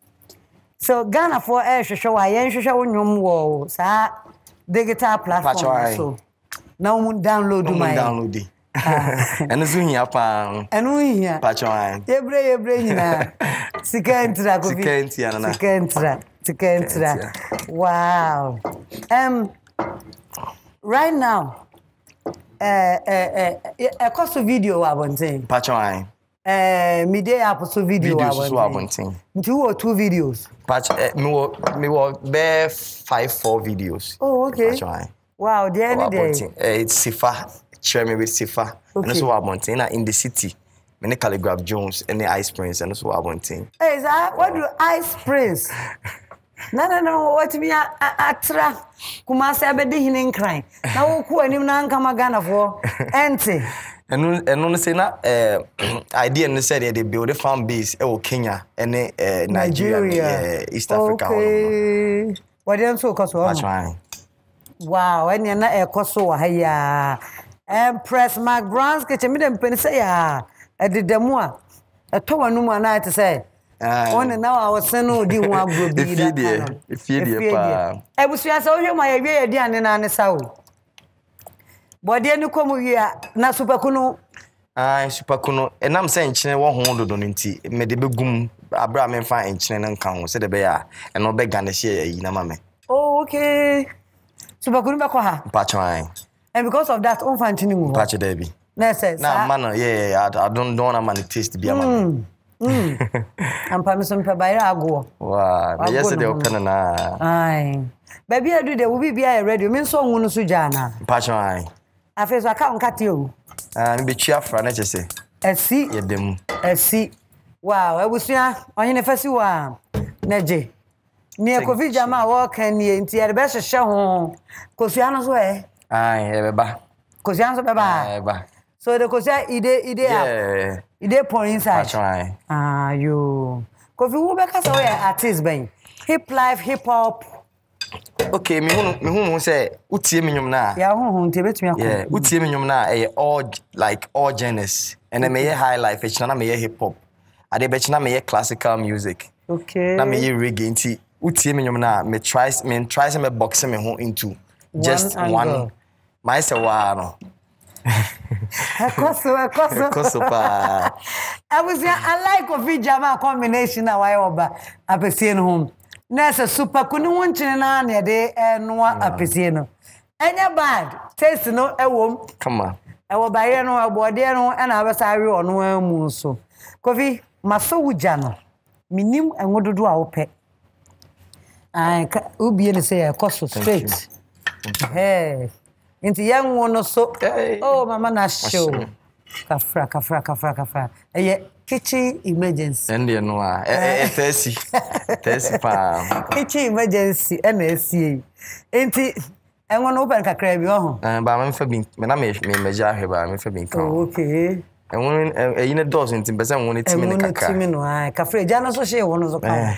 so Ghana ghanafoɔ ɛrehwehwɛ wo a yɛnhwehwɛ wo nnwom wɔ saa digital platform so na wɔn download ma yɛ ɛno so hia paa ɛno hia yɛbrɛ yɛbrɛ nyinaa sika ntira kofi sika ntira sika ntira wow um, right now ɛkɔ uh, uh, uh, so video wɔ abɔnten Eh, mede app so video abɔnten nti wowɔ two videos eh, mewɔ bɛɛ five four videos oh, okay. wow deɛ ne deɛ sifa kyerɛ me with sifa ɛno so wɔ abɔnten na in the city mene calligraph jones ne ice prince ɛno so wɔ abɔnten hey, saa do ice prince na na na watumi atra kumase abɛdi hene nkran na woku anim na ankama ghanafoɔ ɛnte ɛno ɛno no sɛ na ɛɛ idea no sɛ deɛ de build farm base ɛwɔ Kenya ɛne ɛɛ Nigeria ne ɛɛ East Africa hɔ nom wɔde nso kɔ so hɔ no wow ɛnea na ɛkɔ so wɔ ha yaa Empress McBran's kitchen mi de mpɛni sɛ yaa ɛdeda mu a ɛtɔ wɔn anum anaa ɛte sɛ wọn nana wa ɔsɛn no di wọn agorɔ bii da kan no efie deɛ efie deɛ paa ebusua sɛ ohwɛ mu a yɛ wie yɛ di ane na ane sa o bɔdeɛ no kɔm wie a na supaku no ɛnam sɛ nkyene wɔ ho dodo no nti mede bɛgum aberɛ a memfa nkyene no nka ho sɛde bɛyɛ a ɛno bɛga ne hyɛ ayi na ma me oh, ok supaku bɛkɔ ha mpakyɛ and because of that ɔmfa nkyene mu mpakyɛ daabi na ɛsɛ na ama no yɛ adondɔn na ma no taste bi ama mm, mm. ampa me so mpɛ bayerɛ agoɔ meyɛ sɛ wopɛ no naa baabi adu deɛ wo biribiaa yɛ radio me nso ɔwo no so gyaa naa mpakyɛ afei nso aka nka te o. Ah, mebɛtwi afra no kyɛ sɛ asi yɛda mu asi wow abusua ɔhene fa si wɔ a na gye neɛ kofi gyama a wɔreka nie nti yɛde bɛhyehyɛ ho kosua no so ɛ ah, yɛbɛba kosua no so bɛba ah, so the kosua ide ide a ide pon inside ayo kofi wo bɛka sɛ woyɛ artiste bɛn hip life hip hop okay mehunu mehunu sɛ wotie me nwom no a yɛahohom nti ɛbɛtumi akɔ wotie me nwom no a ɛyɛ all like all genres ɛnɛ meyɛ high life ɛkyina na meyɛ hip hop adeɛ bɛkyina meyɛ classical music okay. na meyɛ reggae nti wotie me nwom no a metry mentry sɛ mɛbɔkse me ho into just one, one maayɛ sɛ waa no ɛkɔso ɛkɔso abusua i like ofi jama combination a wayɛ ɔba apɛsie no ho nɛɛsɛ supakuni ho nkyene no a na yɛde noa apɛsie no ɛnyɛ bad taste no wɔ m ɛwɔ bayerɛ no ɛbɔɔdeɛ eh, no ɛna eh, abɛsa awe ɔno ara eh, mu nso kofi masɔ wo gya no menim ɛnwo dodo a wopɛ wobie no sɛ yɛkɔ so straight nti yɛnwo no so o oh, mama no ahyew kafra kafra kafra kafra ɛyɛ kitchen emergency. ɛn deɛ no a ɛɛ tɛɛsi tɛɛsi paa. kitchen emergency ɛna ɛsi yi nti ɛnwo no wopɛn kakra bi ɔho. ɛn baa mi fɛ bi mɛ na mi mɛgya ahwɛ baa mi fɛ bi nkan. okay. ɛnwo ɛyi ne dɔɔso nti mpɛsɛ ɛnwo ne timi ne kakra. ɛnwo ne timi no aa kafra egya no so hyɛ ɛwɔ no so kan.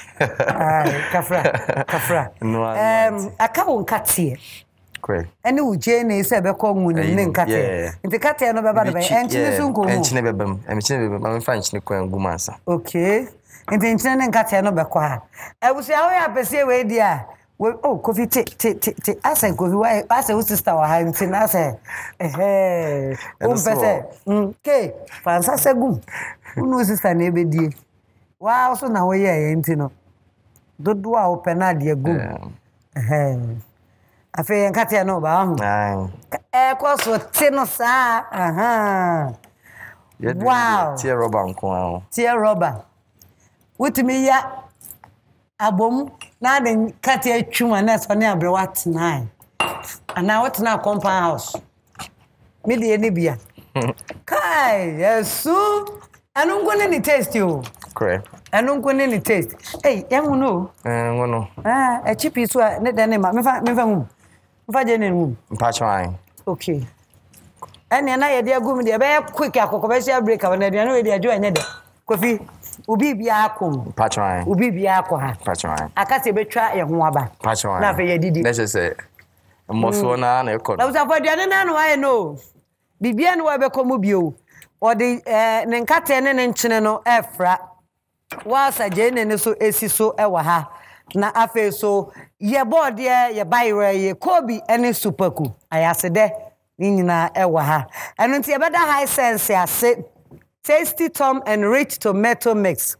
kafra kafra. ɛɛm aka wo nka teɛ. ɛne wo gyee ne sɛ ɛbɛkɔ wu nim ne nkateɛ nti kateɛ no bɛba no bɛyɛ ɛnkyene so nkɔmu ɛnkyene bɛba mu ɛnkyene bɛba mu mfa okay nti nkyene ne nkateɛ no bɛkɔ ha abusua wo apɛsie wei a oh kofi te asɛ kofi asɛ wo sista wɔ ha nti na asɛ ɛhɛɛ sɛ ke sɛ gum wo wo na ebedie waa so na woyɛ ɛyɛ nti no dodoɔ a wopɛ no adeɛ gum afei nkateɛ no ɔbaa ho ɛkɔ eh, so te no saa wow tie rɔba nko ara ho tie rɔba wotumi ya abom na de nkateɛ twum a na ɛsɔ ne aberɛwa tenae anaa wotena compound house me deɛ ne bia kae yɛsu ɛno nko ne ne taste o ɛno nko ne ne taste ei yɛnwo no o ɛnwo eh, no ɛkyi ah, pii so a ne dɛ ne ma mefa mefa hu mfa gye ne nom mpakyɛ an ok ɛneɛ na yɛde agu mu deɛ ɛbɛyɛ quick akɔkɔbɛhyia break a na aduane wei deɛ adwo ɛnyɛ dɛ kofi obi biara kɔ mu obi biara kɔ ha akasa ebetwa yɛn ho aba na afei yɛ Na n'ɛhyɛ sɛ mmɔsoɔ mm. naa na ɛkɔ no lɔbusafo aduane naa na wayɛ no bibia ni wa bɛkɔ mu bio ɔde ɛɛ ne nkatɛ ne ne nkyene no ɛɛfra waasa gye ne ne so esi so ɛwɔ ha. na afei so yɛ bɔɔdeɛ yɛ bayerɛ yɛ kobi ne supaku ayasedɛ ne nyinaa ɛwɔ ha ɛno nti yɛbɛda high sense ase tasty tom and rich tomato mix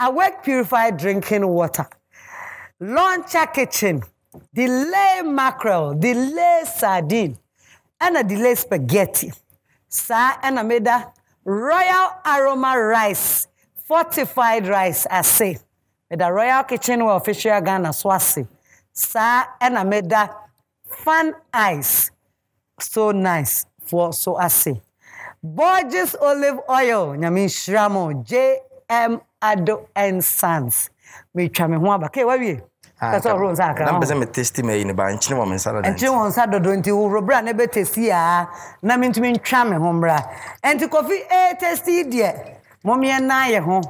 awake purified drinking water launcher kitchen delay mackerel delay sardine ɛna delay spaghetti saa ɛna meda royal aroma rice fortified rice ase. meda royal kitchen wɔ official ghana so ase saa ɛna meda fan ice so nice for so ase borges olive oil nyame nhyira mo jm ado and sons metwa me ho aba ke wawie ah, kasa ɔhoro nsa akra na mpɛsɛ me testi ma yi ne ba nkyene wɔ me nsa dodo nkyene wɔ nsa dodo nti woro bra na ɛbɛ testi a na mentumi ntwa me ho mmra nti kofi eh, e testi deɛ mommeɛ na yɛ ho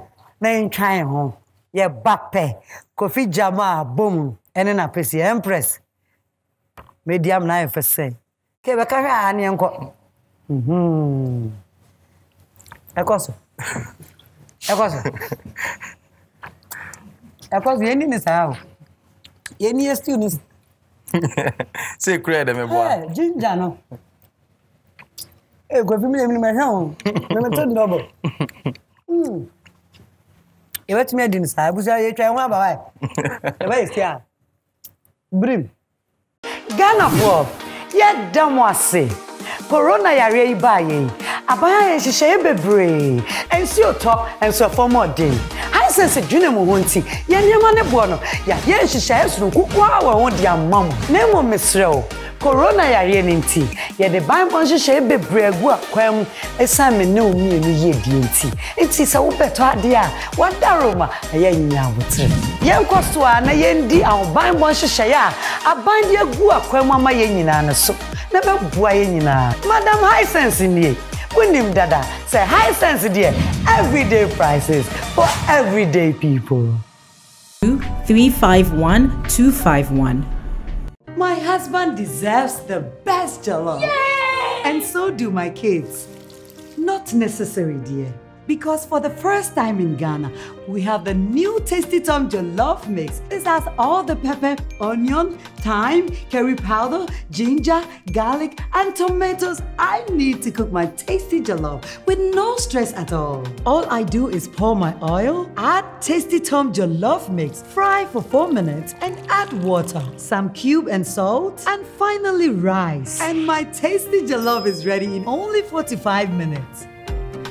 na yɛntwa yɛ ho yɛba pɛ kofi gyama a bom ɛne napɛsi empress mɛdi amena ayɛ fɛ sɛ ke bɛka hwɛ a neɛ nkɔ ɛkɔ so ɛkɔ so ɛkɔ so yɛni ne saa o yɛni yɛ stew no sɛ kura dɛ mɛboa ginger no ee kofi mi yɛ mi ni mɛ hwɛ o mɛ mɛ tɛ ndɔbɔ yɛbɛtumi adi no saa abusua yɛtwa ho abawa yɛbɛyɛ si a birim ghanafoɔ yɛda mo ase corona yareɛ yi baa yɛn aban a yɛnhyehyɛeɛ bebree nsuo tɔ nso ɛfam ɔden hansens dwene mu ho nti yɛn nneɛma ne boɔ no yɛayɛ nhyehyɛeɛ soronko koraa wɔ ho de ama mo na mmom meserɛ korona yareɛ no nti yɛde bible nhyehyɛe bebree agu akwan mu ɛsiane me ne wo mmienu yɛ die nti nti sɛ wobɛtɔ adeɛ a wada roma na yɛanyɛ abotire yɛnkɔ so a na yɛndi ahobanbɔ nhyehyɛeɛ a aban de agu akwan mu ama yɛn nyinaa no so na bɛboa yɛn nyinaa madam hisense nie wonim dada sɛ hisense deɛ everyday prices for everyday people Two three five one two five one. My husband deserves the best, Jalal. And so do my kids. Not necessary, dear because for the first time in Ghana, we have the new Tasty Tom Jollof Mix. This has all the pepper, onion, thyme, curry powder, ginger, garlic, and tomatoes I need to cook my tasty jollof with no stress at all. All I do is pour my oil, add Tasty Tom Jollof Mix, fry for 4 minutes, and add water, some cube and salt, and finally rice. And my tasty jollof is ready in only 45 minutes.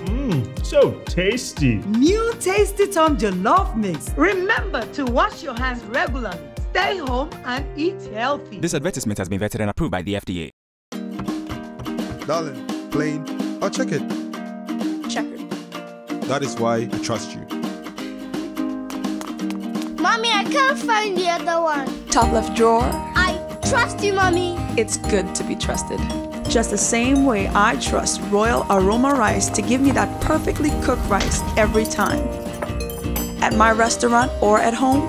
Mmm, so tasty. New Tasty Tom Jollof Mix. Remember to wash your hands regularly. Stay home and eat healthy. This advertisement has been vetted and approved by the FDA. Darling, plain or Check it. That is why I trust you. Mommy, I can't find the other one. Top left drawer. I trust you, Mommy. It's good to be trusted just the same way I trust Royal Aroma Rice to give me that perfectly cooked rice every time. At my restaurant or at home,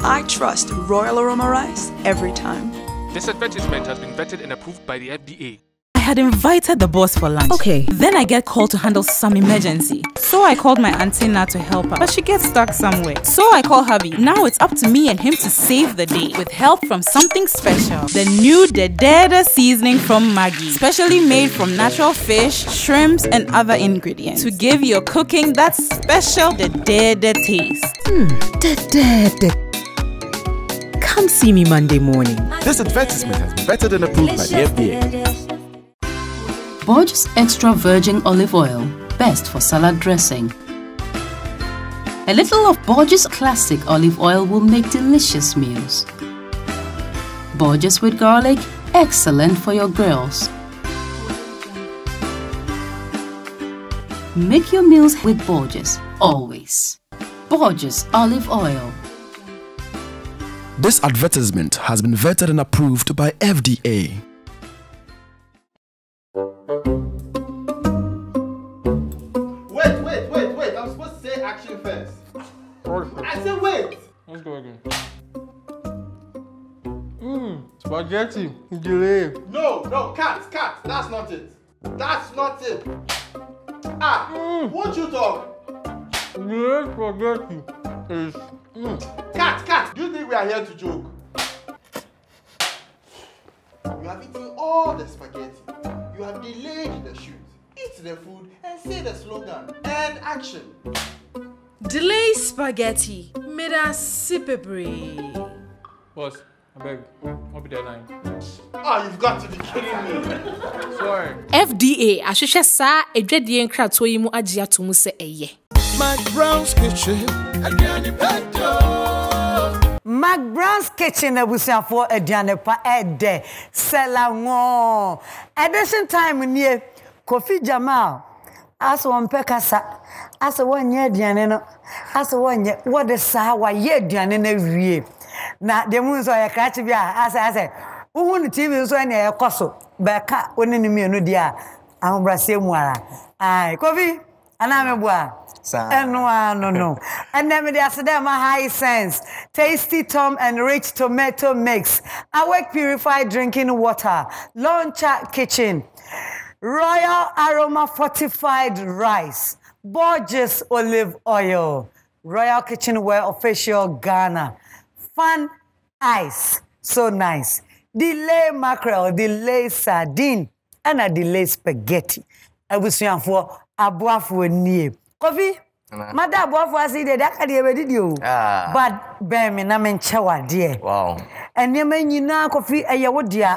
I trust Royal Aroma Rice every time. This advertisement has been vetted and approved by the FDA. I had invited the boss for lunch. Okay. Then I get called to handle some emergency. So I called my auntie Na to help her, but she gets stuck somewhere. So I call Harvey. Now it's up to me and him to save the day with help from something special. The new Dedede seasoning from Maggie, specially made from natural fish, shrimps, and other ingredients to give your cooking that special Dedede taste. Hmm, Dedede come see me Monday morning. This advertisement has been vetted and approved by the FDA. Borges extra virgin olive oil, best for salad dressing. A little of Borges classic olive oil will make delicious meals. Borges with garlic, excellent for your girls. Make your meals with Borges, always. Borges olive oil. This advertisement has been vetted and approved by FDA. Wait, wait, wait, wait. I'm supposed to say action first. I said wait. Let's go again. Mmm, spaghetti, delay. No, no, cat, cat. That's not it. That's not it. Ah, mm. what you talk? Delay spaghetti is. Mm. Cat, cat. Do you think we are here to joke? You have eaten all the spaghetti you have delayed the shoot. Eat the food and say the slogan and action. Delay spaghetti. Made us sip Boss, I beg, I'll be deadline. Ah, oh, you've got to be kidding me. Sorry. FDA, ahwehwɛ saa adwadie nkratoɔ yi mu agye ato mu sɛ ɛyɛ. My Brown's Kitchen, aduane pɛntɔ. mac macbrans kitchen abusuafoɔ aduanepa ɛdɛ sɛla wɔɔ edition time nie kofi jamal asɛ wɔmpɛ kasa asɛ wɔnyɛ aduane no asɛ wɔnyɛ wɔde saa wayɛ aduane no awie na deɛ mu nso ɔyɛ krakye bia a asɛ asɛ wohu no tv nso ɛne ɛkɔ so bɛka wo ne no mmienu deɛ a ahobrɛseɛ mu ara ai kofi anaa meboa a ɛno no, no no then mede ask them a ah, high sense tasty tom and rich tomato mix awake purified drinking water launcher kitchen royal aroma fortified rice Gorgeous olive oil royal kitchenware official ghana fun ice so nice delay mackerel delay sardine a delay spaghetti I abusuafoɔ aboafoɔ nie kofi mada aboafoɔ ase yi deɛ daka deɛ bɛdidi o ah. but bɛn mi na mi nkyɛ wa deɛ nneɛma nyinaa kofi ɛyɛ wo dea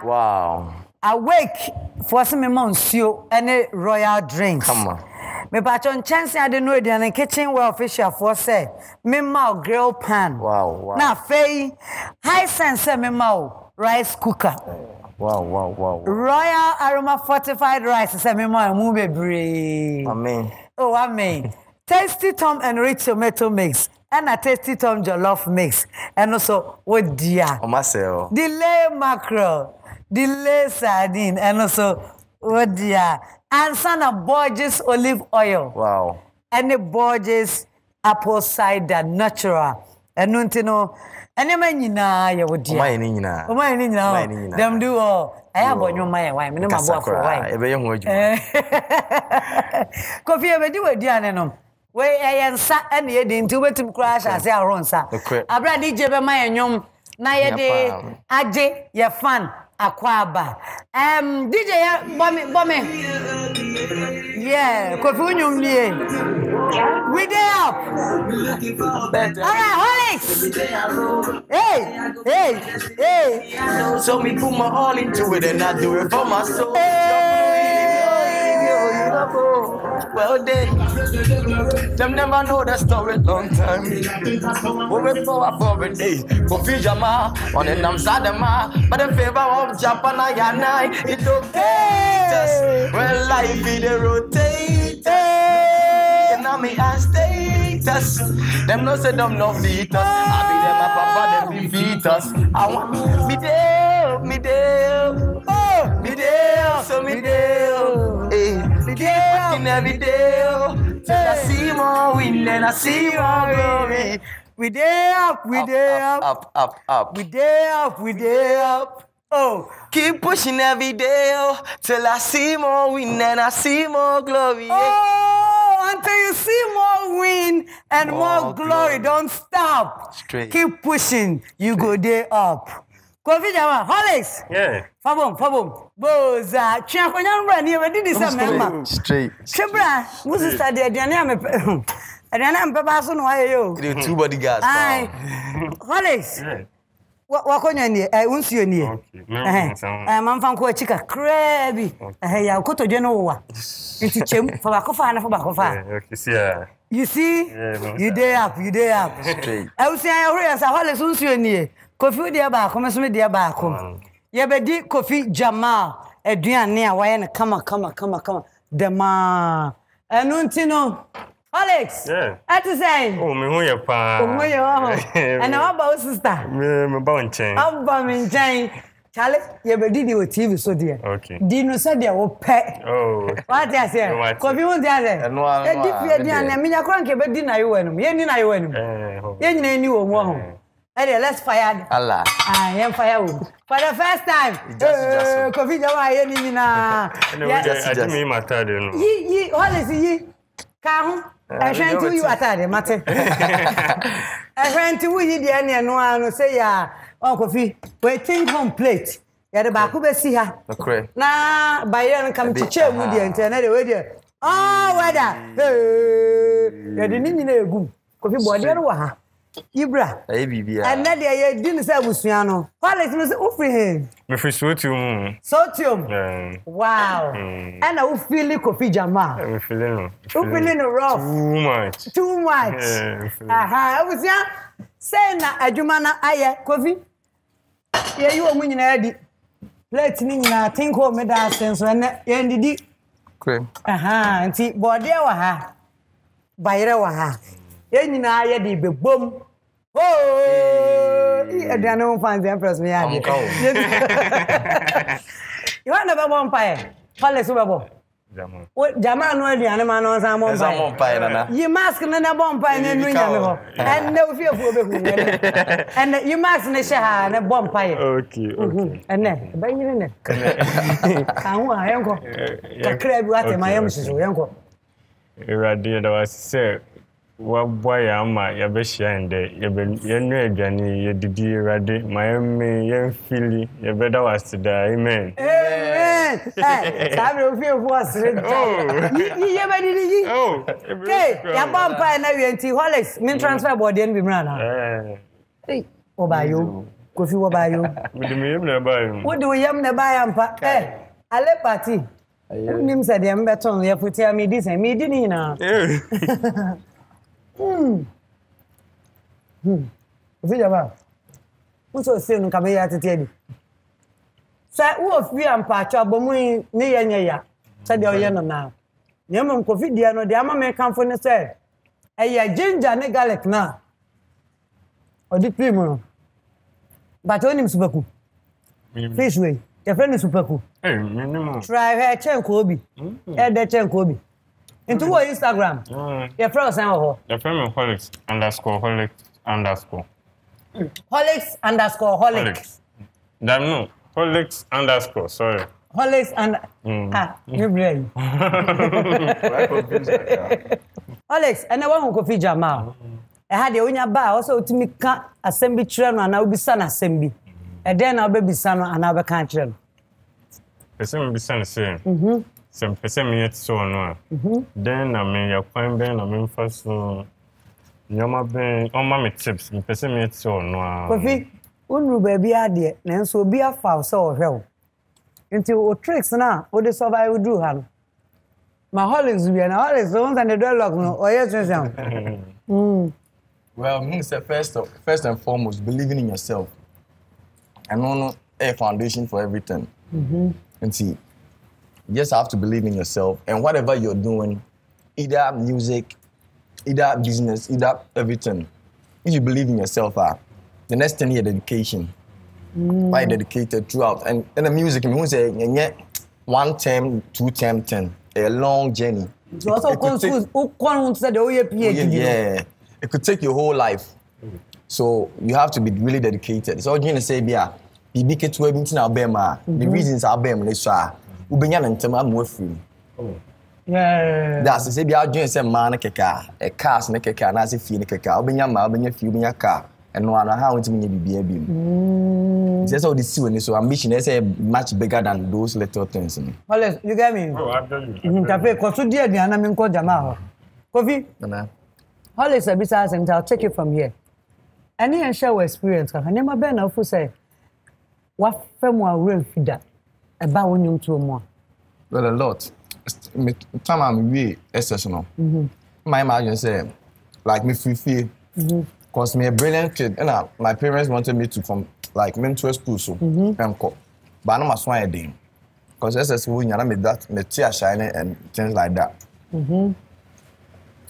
awake foɔ se mi ma nsuo ɛne royal drinks mepatwɔ nkyɛnse ade no aduane kitchen well officialfoɔ sɛ ma o grill pan na afei high sense sɛ ma o rice cooker wow, wow, wow, wow. royal aroma fortified rice ma mema ɛmu bebree. Amen. Oh, amen. Tasty Tom and Rich Tomato Mix. And a tasty Tom Jollof mix. And also, what dear? Oh, myself. Delay mackerel. Delay sardine. And also, what dear? And son of Borges olive oil. Wow. And the Borges apple cider natural. And no, no. And the man, you know, you would dear. Oh, my, you know. Oh, my, oh, you know. Them do all. Oh, ɛyɛ abɔ nnwoma yɛ wan mene mabɔ aforo wan ɛbɛyɛ ho adwuma kofi yɛbɛdi w'aduane no wei ɛyɛ eh, eh, nsa ɛne eh, yɛdi nti wobɛtumi koraa ahyɛ ase ahoro nsa aberɛ a de gye bɛma yɛ nnwom na yɛde agye yɛ fan akwaba um, dj ya bɔmi me. yeah kofi unyum nie we dey up alright holics hey hey hey. so me put my all into it and i do it for my soul. Hey. Well, they, them never know the story long time. we Worry for a for a day, for Fijama, in the Namsadama, but in favor of Japan, I and I, it okay. Just, well, life be the rotate. And I'm a status. Them no say them no beat us. I be them a papa, them be beat us. I want me deal, me deal, Oh, me deal, so me deal, Hey, eh, me every day. Oh. Till I see more wind and I see more glory. We day up, we up, day up, up, up, up, up. We day up, we day up. Oh, keep pushing every day, oh, till I see more win and I see more glory. Oh, until you see more win and more, more glory. glory. don't stop. Straight. Keep pushing, you Straight. go day up. covid awa Yeah. fabom fabom boza tweakonya mbra ne yɛbɛdidi sɛ mmarima twe bra wo sister de aduane a mepɛ aduane a mpɛpa so na wayɛ yɛ holics wakɔnya nie wonsuo nie mamfa nkɔ akyi kakraa bi yɛ kotodwe no wowa nti kyɛm fa baako faa na fa baako faa you see you dey up you dey up awusua eh, yɛhoro yɛ sɛ holics wonsuo nie kofi deɛ baako me so me deɛ baako mm. yɛbɛdi kofi jamal aduane a wayɛ no kama kama kama kama dɛmaa ɛno nti no Alex. Yeah. Ati sɛn. O oh, mi ho yɛ paa. O oh, ho yɛ wɔ hɔ. Ɛna waba o sista. Mi mi ba o nkyɛn. Aba mi nkyɛn. Kyale yɛbɛdi de o TV so deɛ. Okay. Di no sɛ deɛ o pɛ. Oh. Wate aseɛ. Kobi eh, ho ti aseɛ. Ɛnu a ɛnu a. Edi fie di a na mi nyakura nke bɛ di na yi wɔ enum. Yɛ ni na yi wɔ enum. Yɛ nyina yi ni wɔn wɔ hɔ. Eh ɛdeɛ let's fire no ala ah yɛn fire wo for the first time ee kofi eh, jama ayé ni nyinaa yɛ adimi yi ma taade no yi yi hɔlis yi kaa ho ɛhwɛ nti wuyi ataade mate ɛhwɛ nti wuyi deɛ ɛne ɛno ano sɛ yɛ a ɔn kofi we think home plate yɛde baako bɛsi ha na bayerɛ no kam kyekyɛ mu deɛ nti ɛnɛ deɛ wei deɛ ɔɔ wɛda ee yɛde ne nyinaa egum kofi bɔɔdeɛ no wɔ ha. yibra ɛyɛ biribi a ɛnɛ deɛ yɛ di ne sɛ abusua no hɔlis no sɛ wofiri he mefiri sotium sotium wow mm. ɛna wofili kofi jama eh, mefili no wofili no rough too much too much aha abusua sei na adwuma no ayɛ kofi yɛyi wɔ mu nyinaa di plate no nyinaa tenko me da ase nso ɛnɛ yɛndidi nti bɔɔdeɛ wɔ ha bayerɛ wɔ ha yɛn nyinaa yɛde bɛbom hmm. aduane ho fanse ɛmprɛs me yɛadeɛ yohane bɛbɔ mpaeɛ pale so bɛbɔ jama no aduane ma no ɔsan bɔ mpaeɛ yi mask no na bɔ mpaeɛ no ɛnu nyame hɔ ɛnɛ ofiefuo bɛhu ɛnɛ yi mask no hyɛ haa ne bɔ mpaeɛ ɛnɛ ɛbɛyere nɛ ka ho a yɛnkɔ kakra bi woatɛma yɛm hyehyɛ yɛnkɔ awurade yɛda wasɛ waboa yɛn ama yɛbɛhyia yɛn dɛ yɛnua aduane yɛdidi awurade ma yɛmme yɛmfili yɛbɛda w ase daa amen saa berɛ ofiefo ɔsere yiye bɛdidi oh. yi ke yɛbɔ mpae na wie nti holex me transfer bɔɔdeɛ no bi mmerɛ anaa eh. wɔbaayɛ kofi wɔbaayɛ mede meyam na ɛbaayɛ mu wode woyam na ɛbaayɛ mpa ɛ eh, ale party wonim sɛ deɛ mbɛtɔn yɛfotia medi sɛ medi ne nyinaa eh. Hum. Hum. Filha, mano, wosɛ ose no nkabɛyɛ atete adi sɛ wowɔ fie a mpaatwɛ abɔmu ne yɛ nyɛ ya sɛdeɛ ɔyɛ no naa na mmom di ya nọ deɛ ama mekamfo ne sɛ ɛyɛ ginger ne garlic na, ọ dị pii mu no mpaatwɛ wonim supaku fish wei yɛfrɛ no supaku try hɛ kyɛnkoo bi hmm. ɛdɛ kyɛnkoo obi. nti wɔ instagram yɛfrɛ wo sɛn wɔ hɔ yɛfrɛ me holics underscore Holix underscore Holix underscore Holix. dam no Holix underscore sorry Holix and ah me brain holics ɛnɛ wɔn kofi jama o ɛha deɛ wonya ba a wɔ sɛ wotumi ka asɛm bi kyerɛ no anaa wobisa no asɛm bi ɛdɛn na wobɛbisa no anaa wobɛka kyerɛ no ɛsɛ mbisa no sɛ sɛ mpɛ sɛ meyɛ te sɛ ɔno a mhm. dɛn na meyɛ kwan bɛn na memfa so nneɔma bɛn ɔma me tips mpɛ sɛ meyɛ te sɛ ɔno a kofi wonuru baabi adeɛ nanso obi afa wo sɛ ɔhwɛ wo nti wo tricks no a wode sɔbae wo ha no ma holics bia na holics wo nsa no ɔyɛ sesɛn mm. well mehu sɛ first first and foremost believing in yourself ɛno no ɛyɛ foundation for everything mm -hmm. nti You just have to believe in yourself and whatever you're doing, either music, either business, either everything. If you believe in yourself, uh, the next thing years dedication. Mm. Why dedicated throughout. And and the music, I mean, say, one term, two term, ten. A long journey. It, also it, could take, oh, yeah, oh, yeah. it could take your whole life. So you have to be really dedicated. So I'm going to say, yeah, the mm-hmm. reasons are bam, they saw wobɛnya no ntɛm ama wafiri mu daase sɛ bia adwene sɛ mmaa no kɛkɛ a ɛcars no kɛkɛ anaasɛ fie no kɛkɛ a wobɛnya mmaa wobɛnya fie wobɛnya kaa ɛno ano ha wotumi nya biribia bi mu mm. sɛ sɛ wode si w'ani so ambition ɛ sɛ much bigger than those little things no oles you get me ntape kɔ so di aduana menkɔ gyama hɔ kofi oles abisa asɛm nti i'll take it from here ɛne yɛnhyɛ wɔ experience kaka nneɛma bɛɛ na wofo sɛ wafɛ mu a mfi da ɛba wo nnwontoɔ mu a well a lot me time a exceptional. ɛsɛs no ma mm-hmm. ɛma adwene sɛ like mefiri fie because me a brilliant kid You uh, know, my parents wanted me to from like mentor school so ɛnkɔ mm-hmm. but ano ma so ayɛ den because ɛsɛs wo nyana me that me ti ahyɛn ne and things like that. Mm -hmm.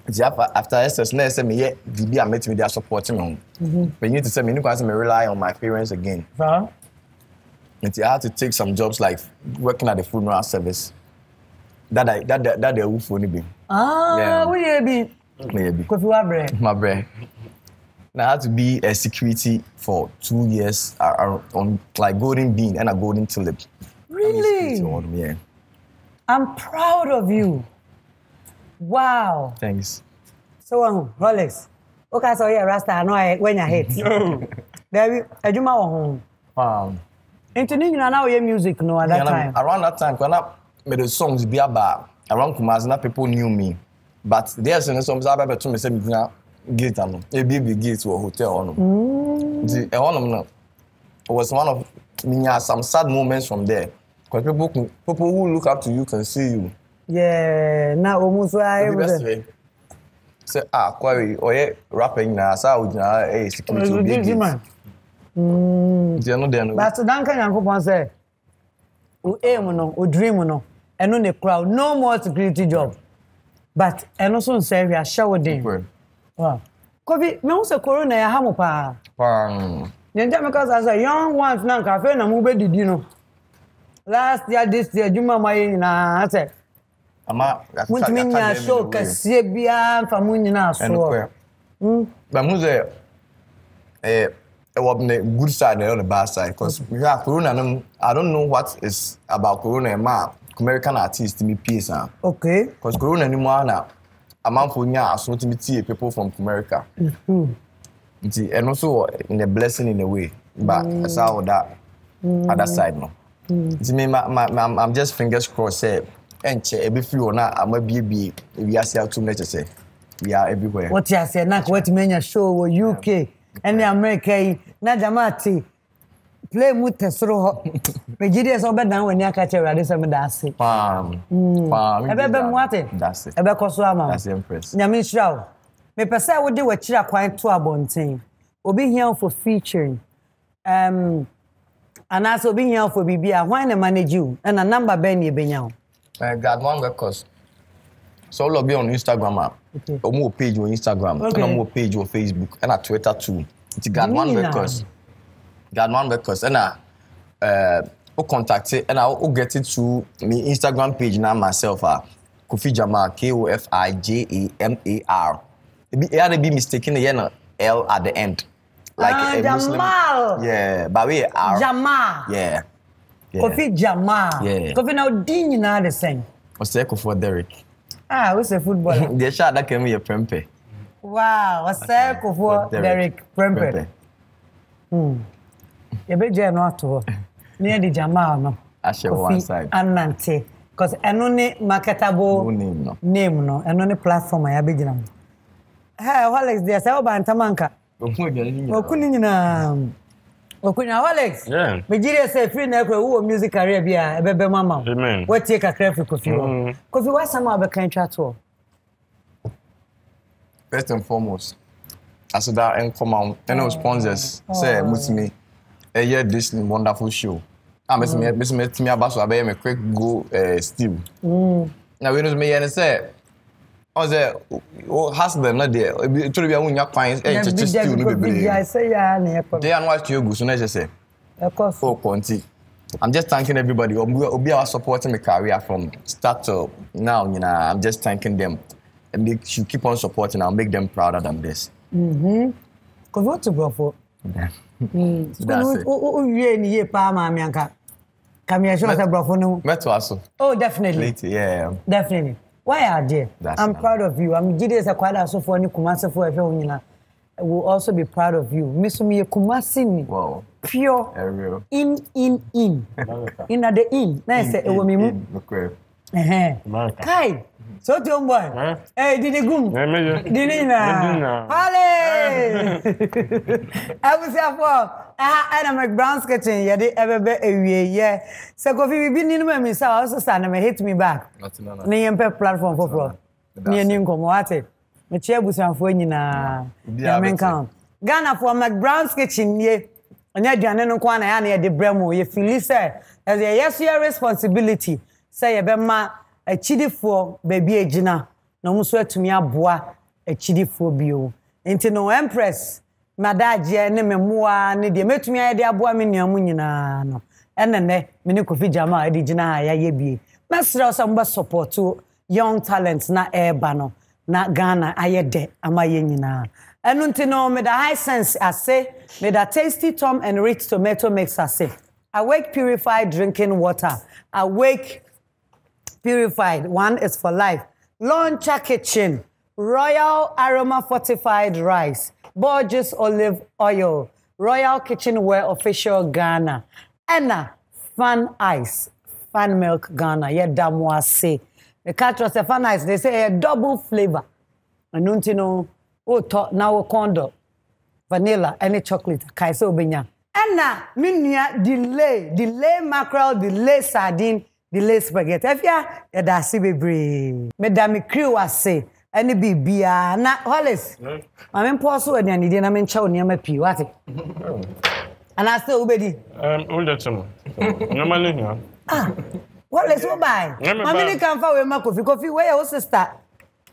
nti after SS na ɛsɛ meyɛ biribi a mɛtumi de asupɔte me ho mm-hmm. need to say me nikwa sɛ me rely on my parents again. Uh -huh i had to take some jobs like working at the funeral service that i that that, that the awufuo only be ah wúyẹ be wúyẹ bi kofi wa brẹ. ma brẹ na i had to be a security for two years on like golden bean and a golden tulip. really award, yeah. i'm proud of you wow. thanks. so um, rolex o ka sọ I rasta anu aye wẹnya hate. dabi my own? Wow nti ne nyinaa na oyɛ music no at that yeah, time. around that time kwana mede songs bi aba around kumasi na people knew me but there sin nso mbisa abɛbɛ to mi sɛ mi gyina gate ano ebi ebi gate wɔ hotel hɔnom nti ɛhɔnom no it was one of me nya some sad moments from there because people people who look up to you can see you. Yeah, na omu so ayé mu dɛ sɛ ah kwari ɔyɛ rapper nyinaa saa ogyina ɛyɛ security obi gate. Hmm. deɛ no deɛ no. baasi danka nyankopɔn sɛ o aim no o dream no ɛno ne kura no more security job but ɛno so nsɛ hwɛ ahyɛ wo den. kobi mehu sɛ corona yɛ ha mo paa. paa. yɛnkyɛn mi ka sa sɛ young ones na nka afei na mo bɛ didi no last year this year adwuma mo ayɛ nyinaa sɛ. ama mutumi nya show kɛseɛ biara nfa mu nyinaa soɔ. ɛnukɛ. Hmm. bamu sɛ ɛɛ ɛwɔ ne good side na ɛwɔ ne bad side cause yeah, mm. corona no i don't know what is about corona ɛma american artist mi pie saa. okay cause corona ni mu a na amanfo nya aso ti mi tie people from america. Mm-hmm. nti ɛno nso wɔ in a blessing in a way but mm. ɛsa wɔ da mm. other side no. nti mi ma ma ma i'm just fingers crossed sɛ ɛnkyɛ ebi firi hɔ na ama biebie ewi ase atum na kyerɛ sɛ we are everywhere. wọ́n ti àṣẹ náà kí wọ́n ti mẹ́yìn show wọ uk. Yeah ɛne amerika yi na gyama te play mu tɛ soro hɔ megye deɛ sɛ wobɛdan w'ani aka kyerɛ awurade sɛ meda ase ɛbɛbɛ mu ate ɛbɛkɔ so ama nyame nhyira wo mepɛ sɛ wode w'akyira kwan to abɔnten obi hia for featuring um, anaasɛ obi hia for biribi a hwan ne manage wo ɛna namba bɛn ne ɛbɛnya wo god one records So all of you on Instagram ah, Okay. Or page on Instagram. Okay. And more page on Facebook. And on Twitter too. It's Gadman really Records. one Records. And I uh, uh contact it and I'll get it to my Instagram page now myself. Ah, Kofi Jamal, K-O-F-I-J-A-M-A-R. It had be mistaken again L at the end. Like ah, a Jamal. Muslim. Yeah. But we are Jamal. Yeah. yeah. Kofi Jamal. Yeah. Kofi now Dean you know the same. What's the echo for Derek? ah who's a footballer? The shot that came yɛ prɛmpɛ wow ɔsɛ kofoɔ derek prɛmpɛ yɛbɛgya no ato hɔ ne yɛde gyamaa no side. anante because ɛno ne marketable name no ɛno ne platform a yɛabɛgyina Hey, hɛ holex deɛ sɛ woba ntam anka ɔku ne nyinaa okunna alex megyereɛ sɛ ɛfiri na ɛkora wowɔ music career bi a ɛbɛbɛ mu ama wo watie kakra afiri kofi hɔ kofi woasɛm a wobɛka ntwa toɔ first and foremost aseda nkɔma ɛne oh. sponsors sɛ motumi ɛyɛ this wonderful show a ah, mɛsɛ mɛtumi mm. aba so abɛyɛ me quick go uh, na wei no so meyɛ ne sɛ ɔsɛ o husband no deɛ ebi tori bi a wonya kwan ɛnkyɛkyɛ stew no bebree de anu atu egu so na ɛkyɛ sɛ o kɔ nti i'm just thanking everybody obi obi a wa support me career from start to now nyinaa i'm just thanking them and they should keep on supporting and make them prouder than this. Mm-hmm. kòtò mm. o ti gbọ̀ fọ. o wiye ni ye paa maa mi anka kàmi ẹ̀ ṣọ́ ọ̀sẹ̀ gbọ̀ fún ni. mẹ́tò aso. oh definitely. later yeah. definitely wayɛ adeɛ i'm proud of you am gyi de sɛ kwada asofoɔ ne Kumasa for everyone. nyina will also be proud of you me so meyɛ ni pure Ariel. in in in ina the in na yɛ sɛ ɛwɔ me mu kai soto mgbany eh? eh, dini gum eh, dini na hale abusuafoɔ ɛha ɛna mcbrowns kitchen yɛde ɛbɛbɛ awieyɛ sɛ kofi biribi ni no ma mi sa ɔso oh, sa na me hit me back na yɛn pɛ platform foforɔ ne yɛn ni nkɔmɔ wate mekyia abusuafoɔ nyinaa nyame nka ghanafoɔ mcbrowns kitchen nie ɔnyɛ aduane na yɛ a na brɛ mu sɛ responsibility akyidifoɔ baabi egyina na wɔn nso atumi aboa akyidifoɔ bio nti no empress madagyeɛ ne me mmoa ne deɛ mɛtumi ayɛ de aboa me nua mu nyinaa no ɛna nɛ me ne kofi gyama a ɛde gyina ha yɛayɛ bie mɛsrɛ sɛ mobɛ support young talent na ɛreba no na ghana ayɛ dɛ ama yɛ nyinaa ɛno nti no meda high sense ase meda tasty tom and rich tomato mix ase awake purified drinking water awake purified. One is for life. Launcher Kitchen, Royal Aroma Fortified Rice, Borges Olive Oil, Royal Kitchenware Official Ghana, Anna Fan Ice, Fan Milk Ghana, yeah, damwase. The cat was a fan ice, they say a double flavor. And don't you know, oh, to, now condo, vanilla, any chocolate, kaiso binya. Anna, minya, delay, delay mackerel, delay sardine, delay spaghetti afia yɛda ase bebree meda me kriw ase ɛne biribiaa na holis ma mempɔ so aduanedie na menkyɛw nneɛma pii wate anaasɛ wobɛdi holis wobae ma mene kamfa wei ma kofi kofi woyɛ wo sister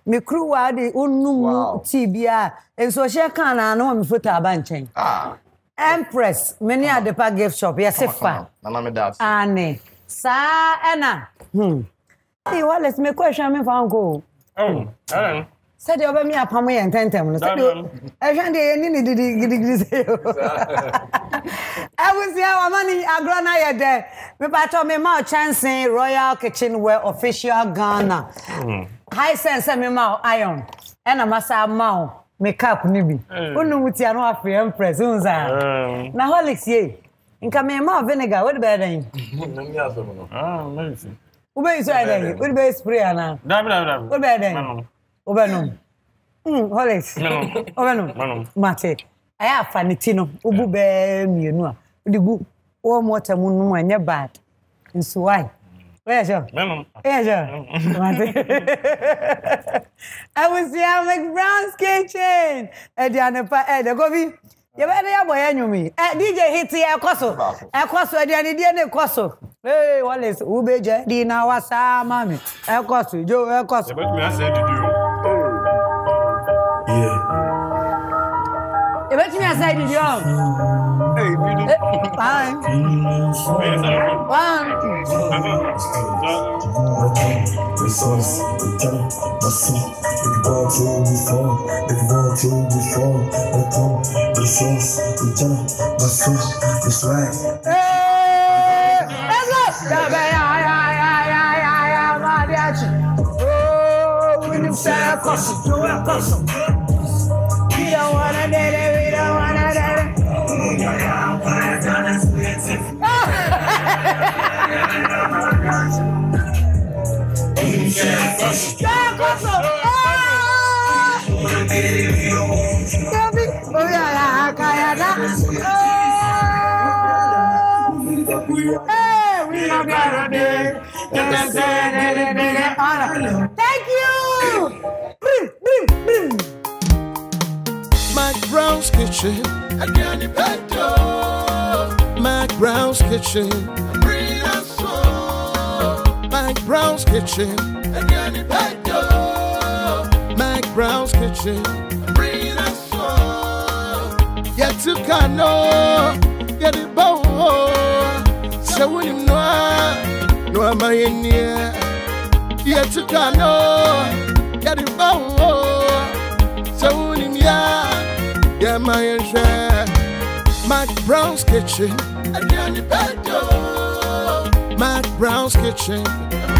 me kuruwa de wonum tii biaa nso ɔhyɛ kaa naa na ɔmefoto aba nkyɛn empress mene adepa gift shop yɛse fa ane saa ɛna wales mekɔ ahwɛ me fa nko oh, hmm. sɛdeɛ wobɛmi apam yɛ ntɛntɛm no sɛdeɛ ɛhwɛ deɛ yɛni ne didi gidigidi sɛ abusua wama ne agorɔ no ayɛ dɛ mepatɔ mema ɔkyɛnse royal kitchen ware official ghana high hmm. sense sɛ mema wo iron ɛna masa ma wo me cap no bi hmm. wonom tia no afei ɛmprɛs wohu saa na holics yei nka mema vinegar wode bɛyɛ dɛn wobɛyi so ayɛ dɛn wode bɛyɛ spray anaa wode bɛyɛ dɛn wobɛnom holis wobɛnom mate ɛyɛ afa ne ti no wobu bɛɛ mmienu a o wode gu warm water mu nom a ɛnyɛ bad nso wae Where's your? Minimum. Where's your? I was here, McBrown's Kitchen. Ediana Pa Edagovi yɛbɛde yɛbɔ yɛ nwumi dj hiti ɛkɔ so ɛkɔ so aduanedie ne kɔ so ee wɔle so wobɛgya di na wasaa ma me ɛkɔ so jo ɛkɔ so yɛbɛtumi asɛ didi ɔ Resource, the time, the They've got you before, they've got you before. The top, the shoes, ai, ai, ai, ai, ai, ai, Você é coça, tu é coça, Thank you. Mike Brown's kitchen. Mike Brown's kitchen. Mike Brown's kitchen. Mike Brown's kitchen. Yet to cano, get it bow. So when you yet to get it bound. So in ya, my share. Mac Brown's kitchen, and the bed Mac Brown's kitchen.